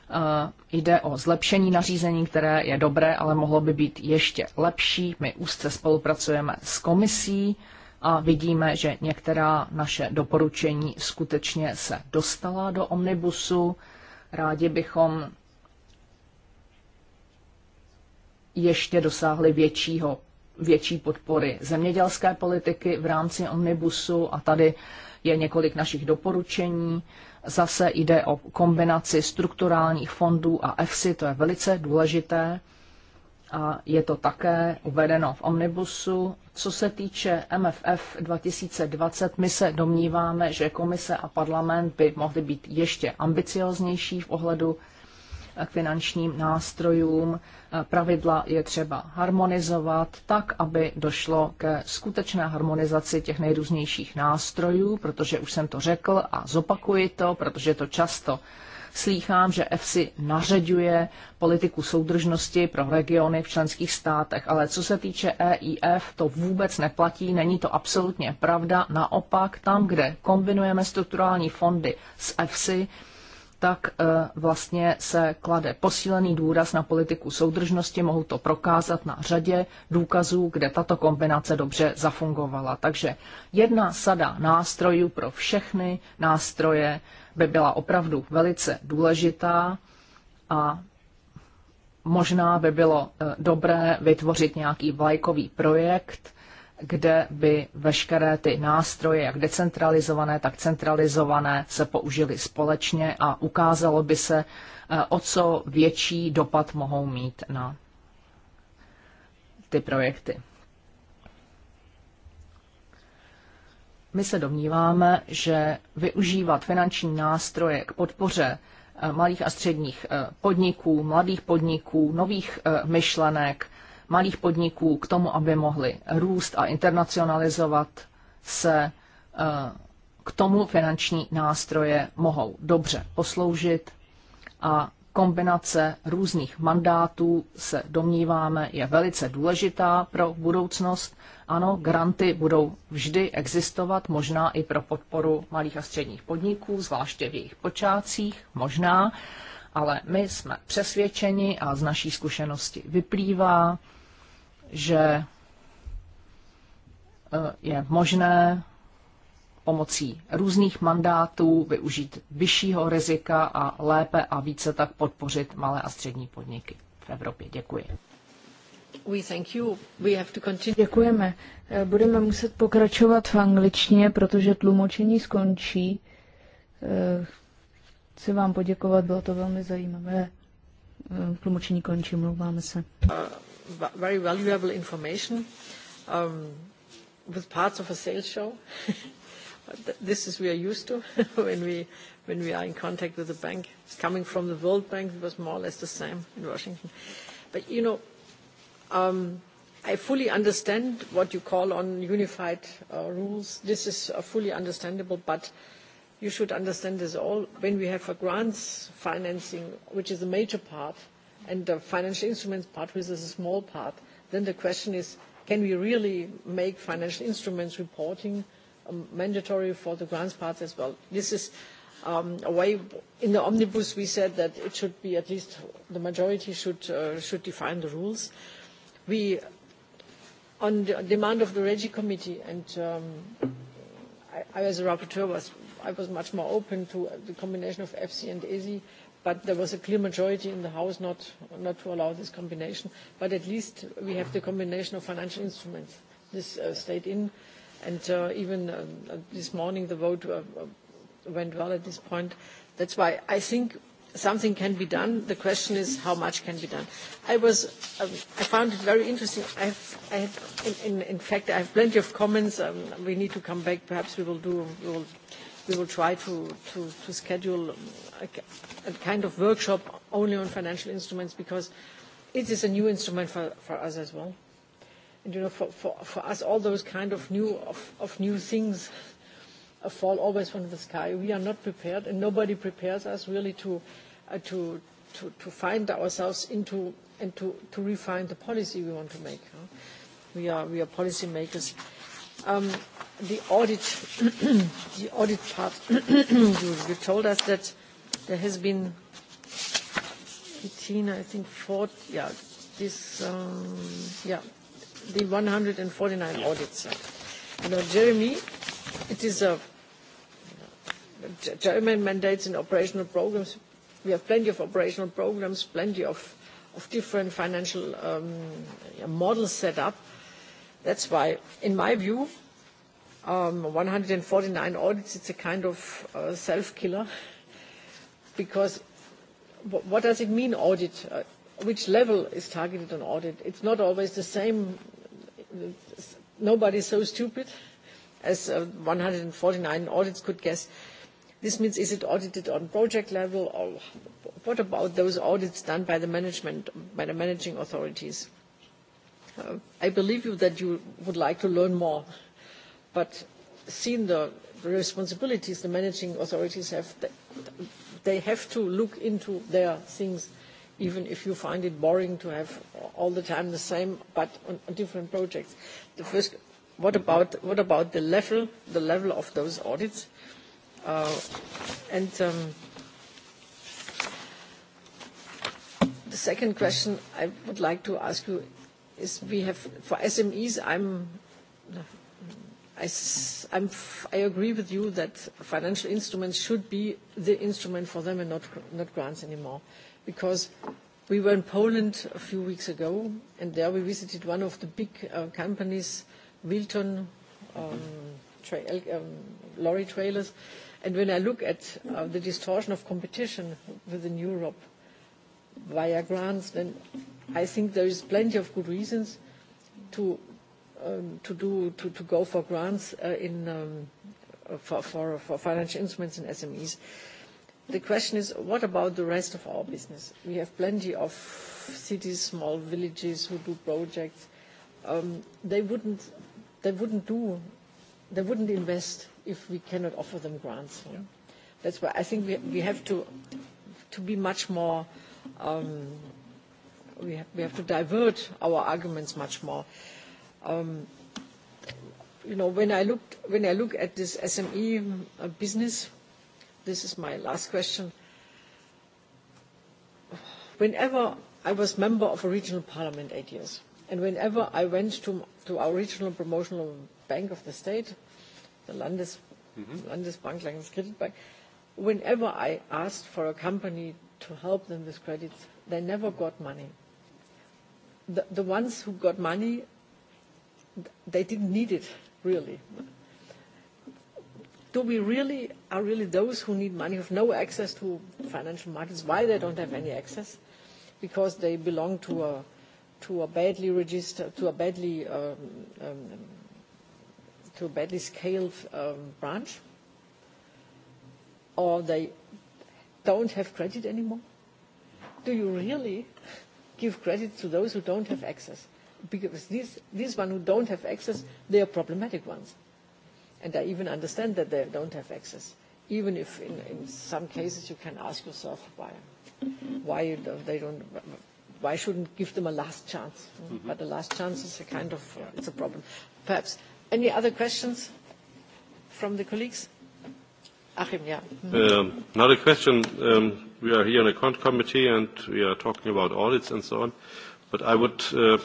Eh, jde o zlepšení nařízení, které je dobré, ale mohlo by být ještě lepší. My úzce spolupracujeme s komisí a vidíme, že některá naše doporučení skutečně se dostala do omnibusu. Rádi bychom ještě dosáhli většího, větší podpory zemědělské politiky v rámci omnibusu a tady je několik našich doporučení. Zase jde o kombinaci strukturálních fondů a EFSI, to je velice důležité a je to také uvedeno v Omnibusu. Co se týče MFF 2020, my se domníváme, že komise a parlament by mohly být ještě ambicioznější v ohledu k finančním nástrojům. Eh, pravidla je třeba harmonizovat tak, aby došlo ke skutečné harmonizaci těch nejrůznějších nástrojů, protože už jsem to řekl a zopakuji to, protože to často slýchám, že EFSI nařeďuje politiku soudržnosti pro regiony v členských státech, ale co se týče EIF, to vůbec neplatí, není to absolutně pravda. Naopak, tam, kde kombinujeme strukturální fondy s EFSI, tak e, vlastně se klade posílený důraz na politiku soudržnosti, mohu to prokázat na řadě důkazů, kde tato kombinace dobře zafungovala. Takže jedna sada nástrojů pro všechny nástroje by byla opravdu velice důležitá a možná by bylo e, dobré vytvořit nějaký vlajkový projekt, kde by veškeré ty nástroje, jak decentralizované, tak centralizované, se použily společně a ukázalo by se, eh, o co větší dopad mohou mít na ty projekty. My se domníváme, že využívat finanční nástroje k podpoře eh, malých a středních eh, podniků, mladých podniků, nových myšlenek, malých podniků k tomu, aby mohly růst a internacionalizovat se, eh, k tomu finanční nástroje mohou dobře posloužit a kombinace různých mandátů se domníváme je velice důležitá pro budoucnost. Ano, granty budou vždy existovat, možná i pro podporu malých a středních podniků, zvláště v jejich počátcích, možná, ale my jsme přesvědčeni a z naší zkušenosti vyplývá, že eh, je možné pomocí různých mandátů využít vyššího rizika a lépe a více tak podpořit malé a střední podniky v Evropě. Děkuji. We thank you. We have to continue. Děkujeme. Eh, budeme muset pokračovat v angličtině, protože tlumočení skončí. Eh, chci vám poděkovat, bylo to velmi zajímavé. Tlumočení končí, mluváme se very valuable information um, with parts of a sales show. this is we are used to when we when we are in contact with the bank. It's coming from the World Bank. It was more or less the same in Washington. But you know, um, I fully understand what you call on unified uh, rules. This is uh, fully understandable, but you should understand this all. When we have a grants financing, which is a major part and the financial instruments part is a small part. Then the question is, can we really make financial instruments reporting um, mandatory for the grants part as well? This is um, a way, in the omnibus we said that it should be at least the majority should, uh, should define the rules. We, on the demand of the Regi committee, and um, I, I as a rapporteur was, I was much more open to the combination of EFSI and ESI, but there was a clear majority in the House not, not to allow this combination. But at least we have the combination of financial instruments. This uh, stayed in, and uh, even uh, uh this morning the vote uh, uh, went well at this point. That's why I think something can be done. The question is how much can be done. I was, um, I found it very interesting. I've, I have, in, in, in fact, I have plenty of comments. Um, we need to come back. Perhaps we will do. We will we will try to, to, to schedule a, a kind of workshop only on financial instruments because it is a new instrument for, for us as well. And you know, for, for, for us, all those kind of new, of, of new things uh, fall always from the sky. We are not prepared, and nobody prepares us really to, uh, to, to, to find ourselves into and to, to refine the policy we want to make. Huh? We, are, we are policy makers. Um, the audit, the audit part, you, told us that there has been 18, I think, 40, yeah, this, um, yeah, the 149 yeah. audits. You know, Jeremy, it is a German mandates and operational programs. We have plenty of operational programs, plenty of, of different financial um, models set up That's why, in my view, 149 um, audits, it's a kind of uh, self-killer because what does it mean audit? Uh, which level is targeted on audit? It's not always the same. Nobody's so stupid as 149 uh, audits could guess. This means is it audited on project level or what about those audits done by the management, by the managing authorities? Uh, I believe you that you would like to learn more, but seeing the responsibilities the managing authorities have, they have to look into their things, even if you find it boring to have all the time the same, but on, on different projects. The first, what about, what about the level, the level of those audits? Uh, and um, the second question I would like to ask you is we have for SMEs, I'm I, I'm, I agree with you that financial instruments should be the instrument for them and not, not grants anymore. Because we were in Poland a few weeks ago, and there we visited one of the big uh, companies, Wilton um, tra um, lorry trailers. And when I look at uh, the distortion of competition within Europe, via grants, then I think there is plenty of good reasons to um, to do to, to go for grants uh, in um, uh, for, for for financial instruments in SMEs. The question is, what about the rest of our business? We have plenty of cities, small villages who do projects. Um, they wouldn't they wouldn't do they wouldn't invest if we cannot offer them grants. Yeah? That's why I think we, we have to to be much more um, we, have, we have to divert our arguments much more. Um, you know, when I, looked, when I look at this SME uh, business, this is my last question. Whenever I was member of a regional parliament eight years, and whenever I went to, to our regional promotional bank of the state, the Landes, mm -hmm. Landesbank, Landeskreditbank, whenever I asked for a company to help them with credits, they never got money. The, the ones who got money, they didn't need it, really. Do we really, are really those who need money, who have no access to financial markets, why they don't have any access? Because they belong to a, to a badly registered, to a badly, um, um, to a badly scaled um, branch? Or they don't have credit anymore? Do you really give credit to those who don't have access? Because these, these ones who don't have access, they are problematic ones. And I even understand that they don't have access, even if in, in some cases you can ask yourself why, why you don't, they don't, why shouldn't give them a last chance? Mm-hmm. But a last chance is a kind of, uh, it's a problem. Perhaps any other questions from the colleagues? Mhm. Um, another question, um, we are here in a Cont Committee and we are talking about audits and so on, but I would uh,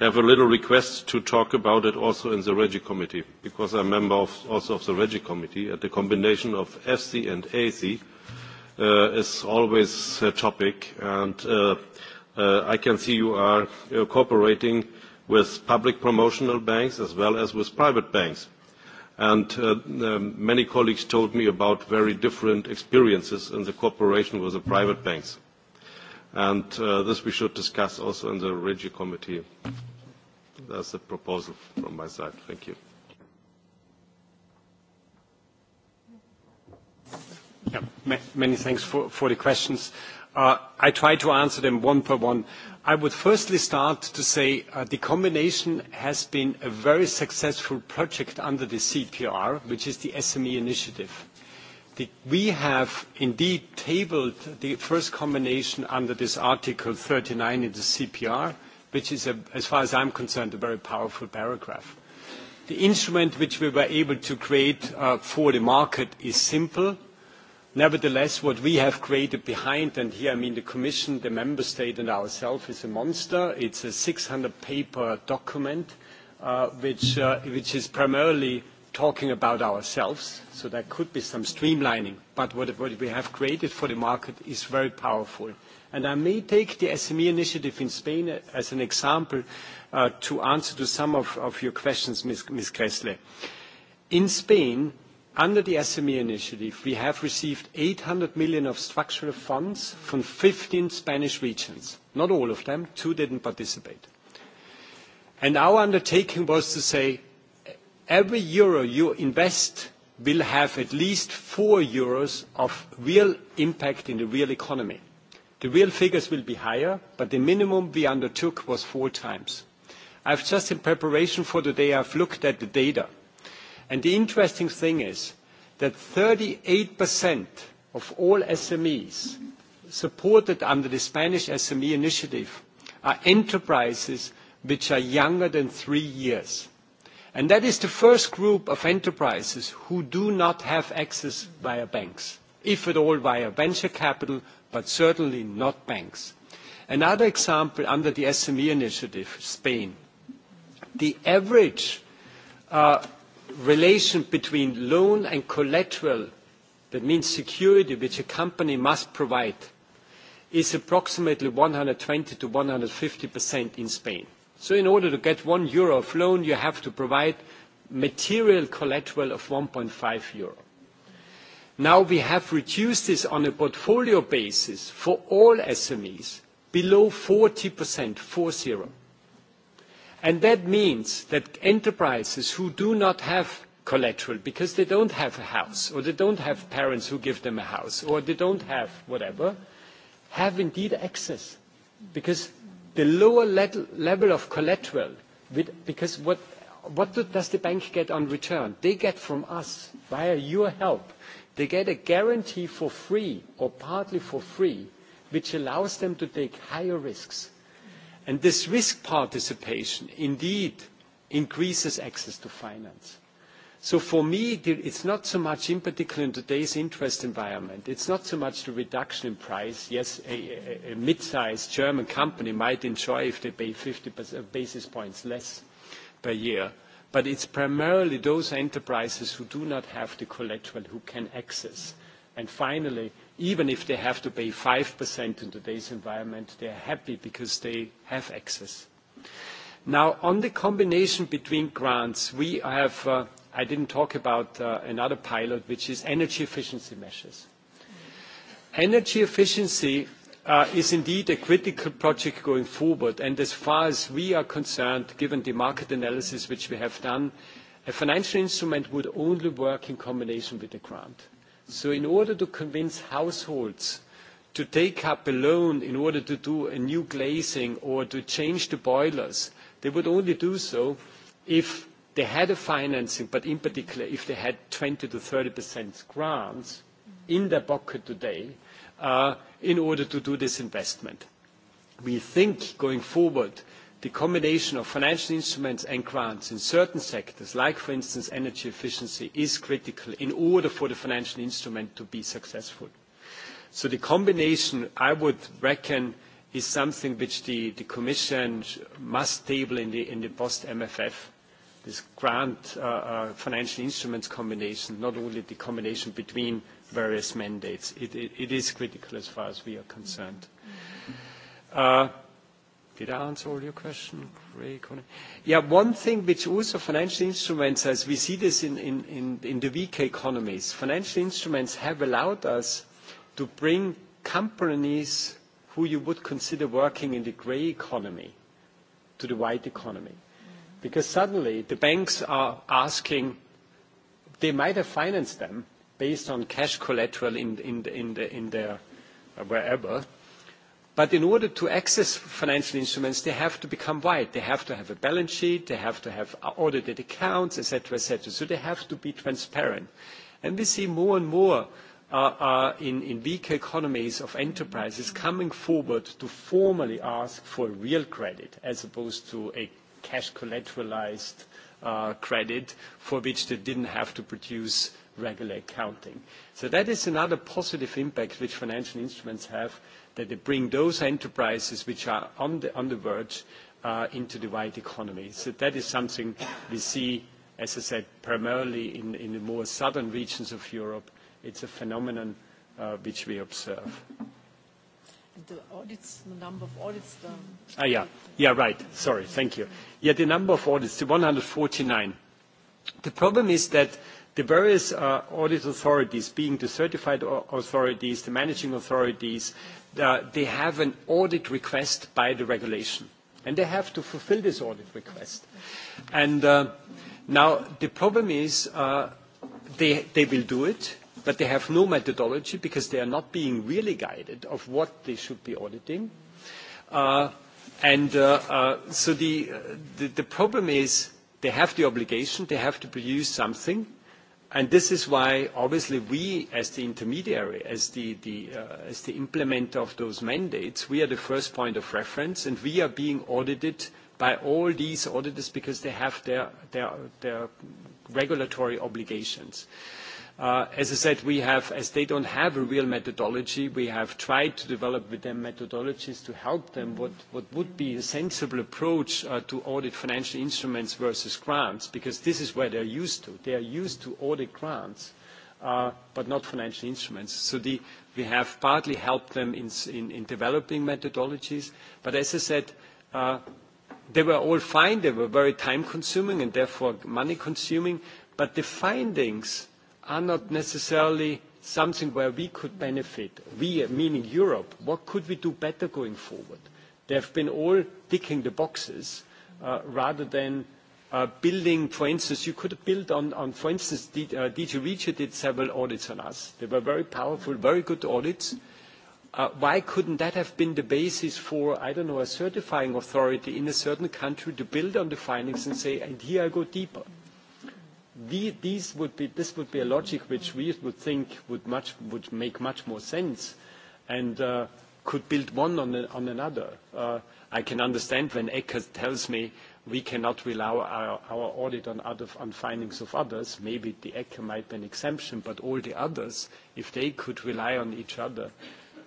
have a little request to talk about it also in the Regi Committee, because I'm a member of, also of the Regi Committee, at the combination of FC and AC uh, is always a topic, and uh, uh, I can see you are uh, cooperating with public promotional banks as well as with private banks And uh, um, many colleagues told me about very different experiences in the cooperation with the private banks. And uh, this we should discuss also in the Regi Committee. That's the proposal from my side. Thank you. Yeah, ma many thanks for, for the questions. Uh, I try to answer them one by one. I would firstly start to say uh, the combination has been a very successful project under the CPR, which is the SME initiative. we have indeed tabled the first combination under this Article 39 in the CPR, which is, as far as I'm concerned, a very powerful paragraph. The instrument which we were able to create uh, for the market is simple Nevertheless, what we have created behind, and here I mean the Commission, the Member State, and ourselves, is a monster. It's a 600-paper document, uh, uh, which, is primarily talking about ourselves, so there could be some streamlining. But what, we have created for the market is very powerful. And I may take the SME initiative in Spain as an example uh, to answer to some of, your questions, Ms. Ms. Gräßle. In Spain, Under the SME initiative, we have received 800 million of structural funds from 15 Spanish regions. Not all of them, two didn't participate. And Our undertaking was to say, every euro you invest will have at least 4 euros of real impact in the real economy. The real figures will be higher, but the minimum we undertook was four times. I've just in preparation for today, I've looked at the data. And the interesting thing is that 38% of all SMEs supported under the Spanish SME initiative are enterprises which are younger than three years. And that is the first group of enterprises who do not have access via banks, if at all via venture capital, but certainly not banks. Another example under the SME initiative, Spain. The average uh, relation between loan and collateral, that means security which a company must provide, is approximately 120 to 150% in Spain. So in order to get one euro of loan, you have to provide material collateral of 1.5 euro. Now we have reduced this on a portfolio basis for all SMEs below 40%, four zero. And that means that enterprises who do not have collateral because they don't have a house or they don't have parents who give them a house or they don't have whatever, have indeed access because the lower level of collateral, because what, what does the bank get on return? They get from us, via your help, they get a guarantee for free or partly for free, which allows them to take higher risks And this risk participation indeed increases access to finance. So for me, it's not so much, in particular in today's interest environment, it's not so much the reduction in price. Yes, a, mid-sized German company might enjoy if they pay 50 uh, basis points less per year. But it's primarily those enterprises who do not have the collateral who can access. And finally, even if they have to pay 5% in today's environment, they are happy because they have access. Now, on the combination between grants, we have, uh, I didn't talk about uh, another pilot, which is energy efficiency measures. Energy efficiency uh, is indeed a critical project going forward, and as far as we are concerned, given the market analysis which we have done, a financial instrument would only work in combination with a grant. So in order to convince households to take up a loan in order to do a new glazing or to change the boilers, they would only do so if they had a financing, but in particular if they had 20 to 30% grants in their pocket today uh, in order to do this investment. We think going forward the combination of financial instruments and grants in certain sectors, like for instance energy efficiency, is critical in order for the financial instrument to be successful. So the combination, I would reckon, is something which the, the Commission must table in the, in the post-MFF, this grant uh, uh, financial instruments combination, not only the combination between various mandates. It, it, it is critical as far as we are concerned. Uh, Did I answer all your question? Ray, yeah, one thing which also financial instruments, as we see this in, in, in the weak economies, financial instruments have allowed us to bring companies who you would consider working in the gray economy to the white economy. Because suddenly the banks are asking, they might have financed them based on cash collateral in, in, in, the, in their wherever, But in order to access financial instruments, they have to become white. They have to have a balance sheet, they have to have audited accounts, etc., etc. So they have to be transparent. And we see more and more uh, uh, in, in weaker economies of enterprises coming forward to formally ask for real credit as opposed to a cash collateralized uh, credit for which they didn't have to produce regular accounting. So that is another positive impact which financial instruments have that they bring those enterprises which are on the, on the verge uh, into the wide economy. So that is something we see, as I said, primarily in, in the more southern regions of Europe. It's a phenomenon uh, which we observe. And the audits, the number of audits. done. Ah, yeah. Yeah, right. Sorry. Thank you. Yeah, the number of audits, the 149. The problem is that the various uh, audit authorities, being the certified authorities, the managing authorities, uh, Uh, they have an audit request by the regulation, and they have to fulfill this audit request. And uh, now the problem is uh, they, they will do it, but they have no methodology because they are not being really guided of what they should be auditing. Uh, and uh, uh, so the, uh, the, the problem is they have the obligation, they have to produce something, And This is why obviously we, as the intermediary, uh, as the, implementer of those mandates, we are the first point of reference, and we are being audited by all these auditors because they have their, regulatory obligations. Uh, as I said, we have, as they don't have a real methodology, we have tried to develop with them methodologies to help them what, what would be a sensible approach uh, to audit financial instruments versus grants, because this is where they're used to. They are used to audit grants, uh, but not financial instruments. So we have partly helped them in, in, in developing methodologies. But as I said, they were all fine. They were very time-consuming and therefore money-consuming. But the findings are not necessarily something where we could benefit. We, meaning Europe, what could we do better going forward? They have been all ticking the boxes uh, rather than uh, building, for instance, you could build on, on for instance, D, uh, DG Regio did several audits on us. They were very powerful, very good audits. Uh, why couldn't that have been the basis for, I don't know, a certifying authority in a certain country to build on the findings and say, and here I go deeper? this would be a logic which we would think would, make much more sense and uh, could build one on, another. Uh, I can understand when Eckert tells me we cannot rely our, our audit on, findings of others. Maybe the Eckert might be an exception, but all the others, if they could rely on each other,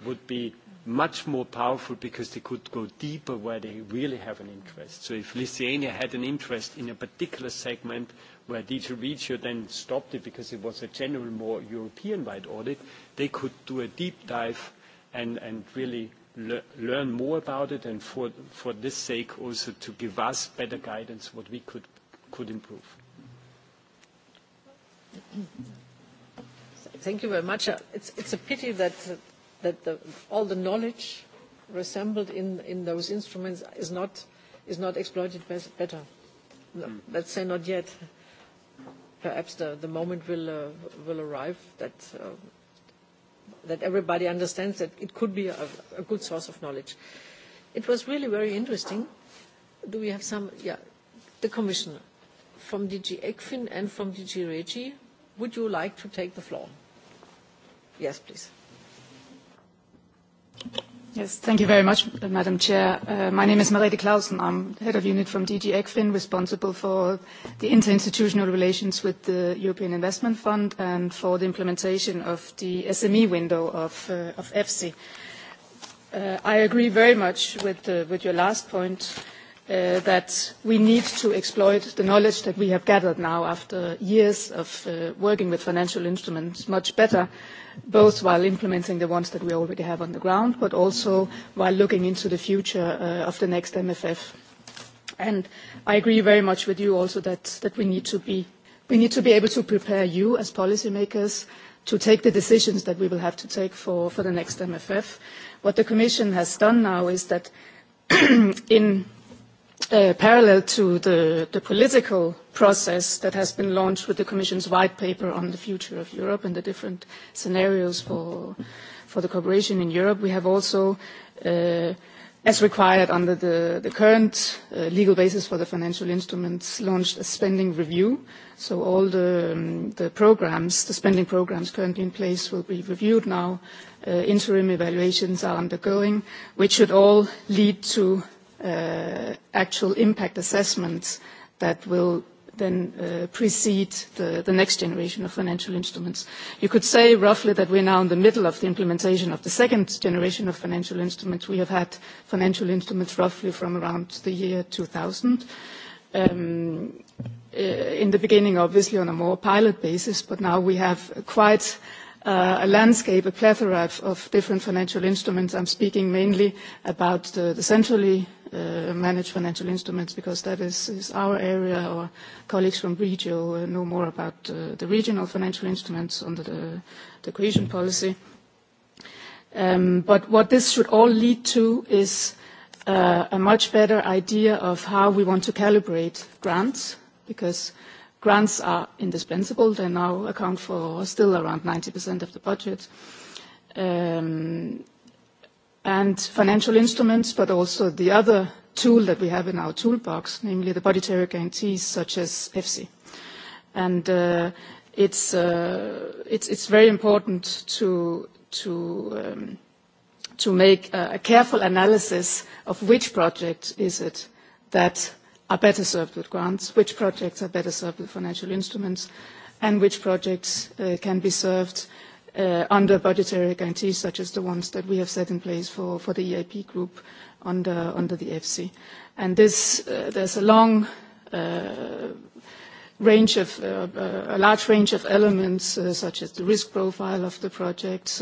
would be much more powerful because they could go deeper where they really have an interest. So if Lithuania had an interest in a particular segment where DG Regio then stopped it because it was a general, more European-wide audit, they could do a deep dive and, and really le learn more about it and for, for this sake also to give us better guidance what we could, could improve. Thank you very much. It's, it's a pity that that the, all the knowledge resembled in, in those instruments is not, is not exploited best, better. No, hmm. Let's say not yet. Perhaps the, the moment will, uh, will arrive that, uh, that everybody understands that it could be a, a good source of knowledge. It was really very interesting. Do we have some? Yeah, the commissioner from DG ECFIN and from DG REGI. Would you like to take the floor? Yes, please. Yes, thank you very much, Madam Chair. Uh, my name is Merete Clausen. I'm head of unit from DG ECFIN, responsible for the interinstitutional relations with the European Investment Fund and for the implementation of the SME window of, uh, of EFSI. Uh, I agree very much with, with your last point. Uh, that we need to exploit the knowledge that we have gathered now after years of uh, working with financial instruments much better, both while implementing the ones that we already have on the ground, but also while looking into the future uh, of the next MFF. And I agree very much with you also that, that we, need to be, we need to be able to prepare you as policymakers to take the decisions that we will have to take for, for the next MFF. What the Commission has done now is that in Uh, parallel to the, the political process that has been launched with the Commission's white paper on the future of Europe and the different scenarios for, for the cooperation in Europe, we have also, uh, as required under the, the current uh, legal basis for the financial instruments, launched a spending review. So all the, um, the programs, the spending programs currently in place will be reviewed now. Uh, interim evaluations are undergoing, which should all lead to uh, actual impact assessments that will then uh, precede the, the next generation of financial instruments. You could say roughly that we're now in the middle of the implementation of the second generation of financial instruments. We have had financial instruments roughly from around the year 2000. Um, uh, in the beginning, obviously, on a more pilot basis, but now we have quite Uh, a landscape, a plethora of, of different financial instruments. I'm speaking mainly about the, the centrally uh, managed financial instruments because that is, is our area. Our colleagues from Regio uh, know more about uh, the regional financial instruments under the, the cohesion policy. Um, but what this should all lead to is uh, a much better idea of how we want to calibrate grants because Grants are indispensable. They now account for still around 90% of the budget. Um, and financial instruments, but also the other tool that we have in our toolbox, namely the budgetary guarantees such as EFSI. And uh, it's, uh, it's, it's very important to, to, um, to make a, a careful analysis of which project is it that are better served with grants, which projects are better served with financial instruments, and which projects uh, can be served uh, under budgetary guarantees, such as the ones that we have set in place for, the EIP group under, the EFSI. And this, uh, there's a long range of a large range of elements such as the risk profile of the projects,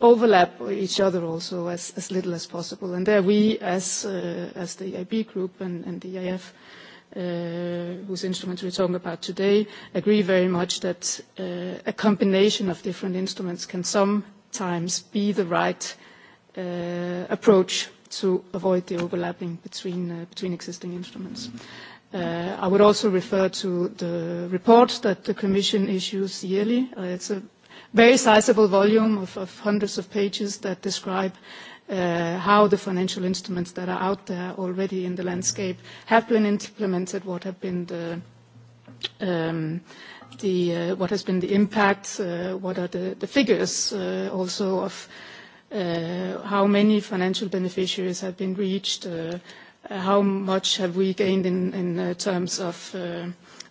overlap each other also as, little as possible. And there we, as, uh, the EIB group and, the EIF, uh, whose instruments we're talking about today, agree very much that uh, a combination of different instruments can sometimes be the right approach to avoid the overlapping between, existing instruments. I would also refer to the report that the Commission issues yearly. it's a very sizable volume of, of hundreds of pages that describe Uh, how the financial instruments that are out there already in the landscape have been implemented, what have been the, um, the uh, what has been the impact, uh, what are the, the figures uh, also of uh, how many financial beneficiaries have been reached, uh, how much have we gained in, in uh, terms of, uh,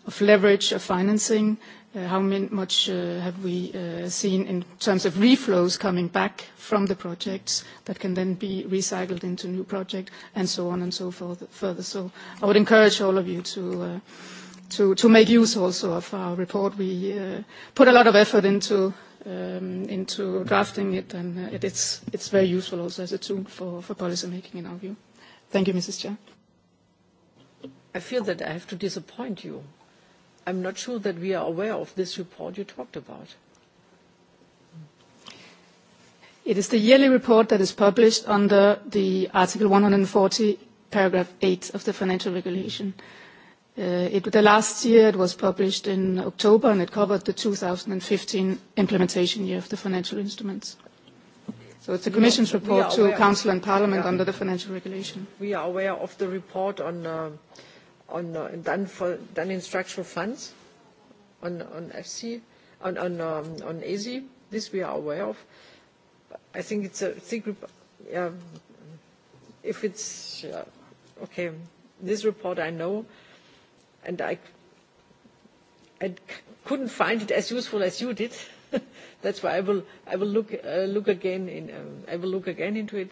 of leverage of financing, Uh, how much uh, have we uh, seen in terms of reflows coming back from the projects that can then be recycled into new project, and so on and so forth further. So I would encourage all of you to make use also of our report. We put a lot of effort into um, drafting it, and it, it's it's very useful also as a tool for for policy making, in our view. Thank you, Mrs. Chair. I feel that I have to disappoint you I'm not sure that we are aware of this report you talked about. It is the yearly report that is published under the Article 140, paragraph 8 of the financial regulation. Uh, it, the last year it was published in October and it covered the 2015 implementation year of the financial instruments. So it's the Commission's report to Council and Parliament yeah. under the financial regulation. We are aware of the report on uh, on and then for in structural funds on FC on on um, This we are aware of. I think it's a think yeah, um, if it's uh, okay. This report I know, and I couldn't find it as useful as you did. That's why I will I will look uh, look again in um, I will look again into it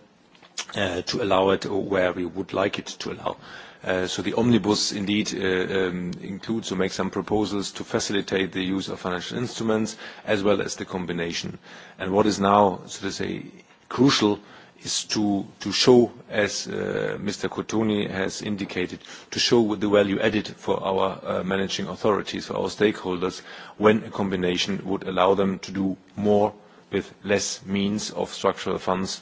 Uh, to allow it where we would like it to allow. Uh, so the omnibus indeed uh, um, includes or makes some proposals to facilitate the use of financial instruments as well as the combination. And what is now, so to say, crucial is to, to show, as Mr. Cotoni has indicated, to show the value added for our managing authorities, for our stakeholders, when a combination would allow them to do more with less means of structural funds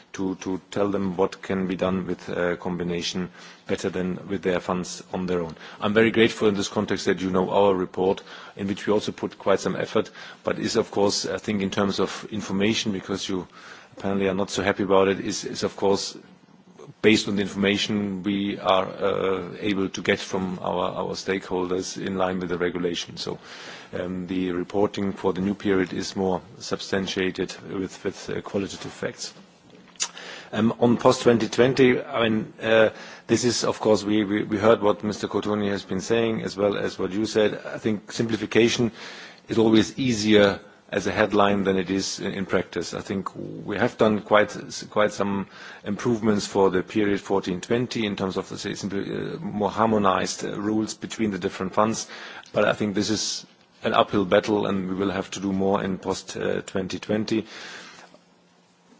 to, to tell them what can be done with a combination better than with their funds on their own. I'm very grateful in this context that you know our report, in which we also put quite some effort, but is of course, I think in terms of information, because you apparently are not so happy about it, is, is of course based on the information we are uh, able to get from our, our stakeholders in line with the regulation. So um, the reporting for the new period is more substantiated with, with uh, qualitative facts. Um, on post-2020, uh, this is, of course, we, heard what Mr. Cotoni has been saying as well as what you said. I think simplification is always easier as a headline than it is in practice. I think we have done quite, some improvements for the period 2014-2020 in terms of, let's say, simply, uh, more harmonized uh, rules between the different funds. I think this is an uphill battle, and we will have to do more in post-2020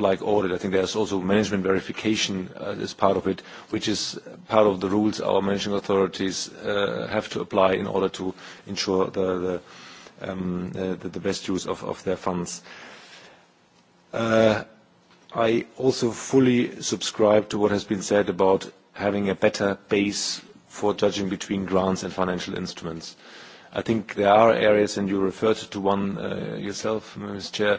like audit. I think there's also management verification uh, as part of it, which is part of the rules our managing authorities uh, have to apply in order to ensure the, the, um, the, the best use of, of their funds. Uh, I also fully subscribe to what has been said about having a better base for judging between grants and financial instruments. I think there are areas, and you referred to one uh, yourself, Ms. Chair,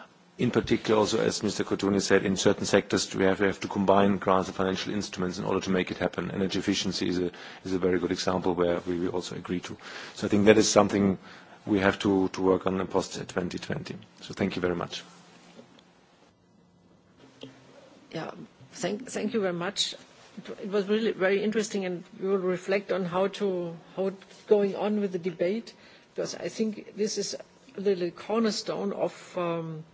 in particular also, as Mr. Cotoni said, in certain sectors we have, we have to combine grants and financial instruments in order to make it happen. Energy efficiency is a, is a very good example where we, we also agree to. So I think that is something we have to, to work on in post-2020. So thank you very much. Yeah, thank, thank you very much. It was really very interesting, and we will reflect on how to how going on with the debate, because I think this is the cornerstone of um, –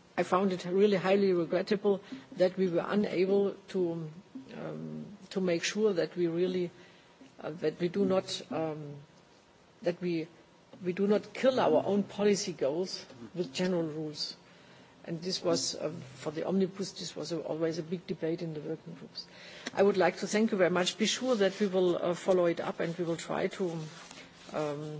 i found it really highly regrettable that we were unable to, um, to make sure that we really uh, that we do not um, that we we do not kill our own policy goals with general rules. And this was, um, for the omnibus, this was a, always a big debate in the working groups. I would like to thank you very much. Be sure that we will uh, follow it up and we will try to, um, um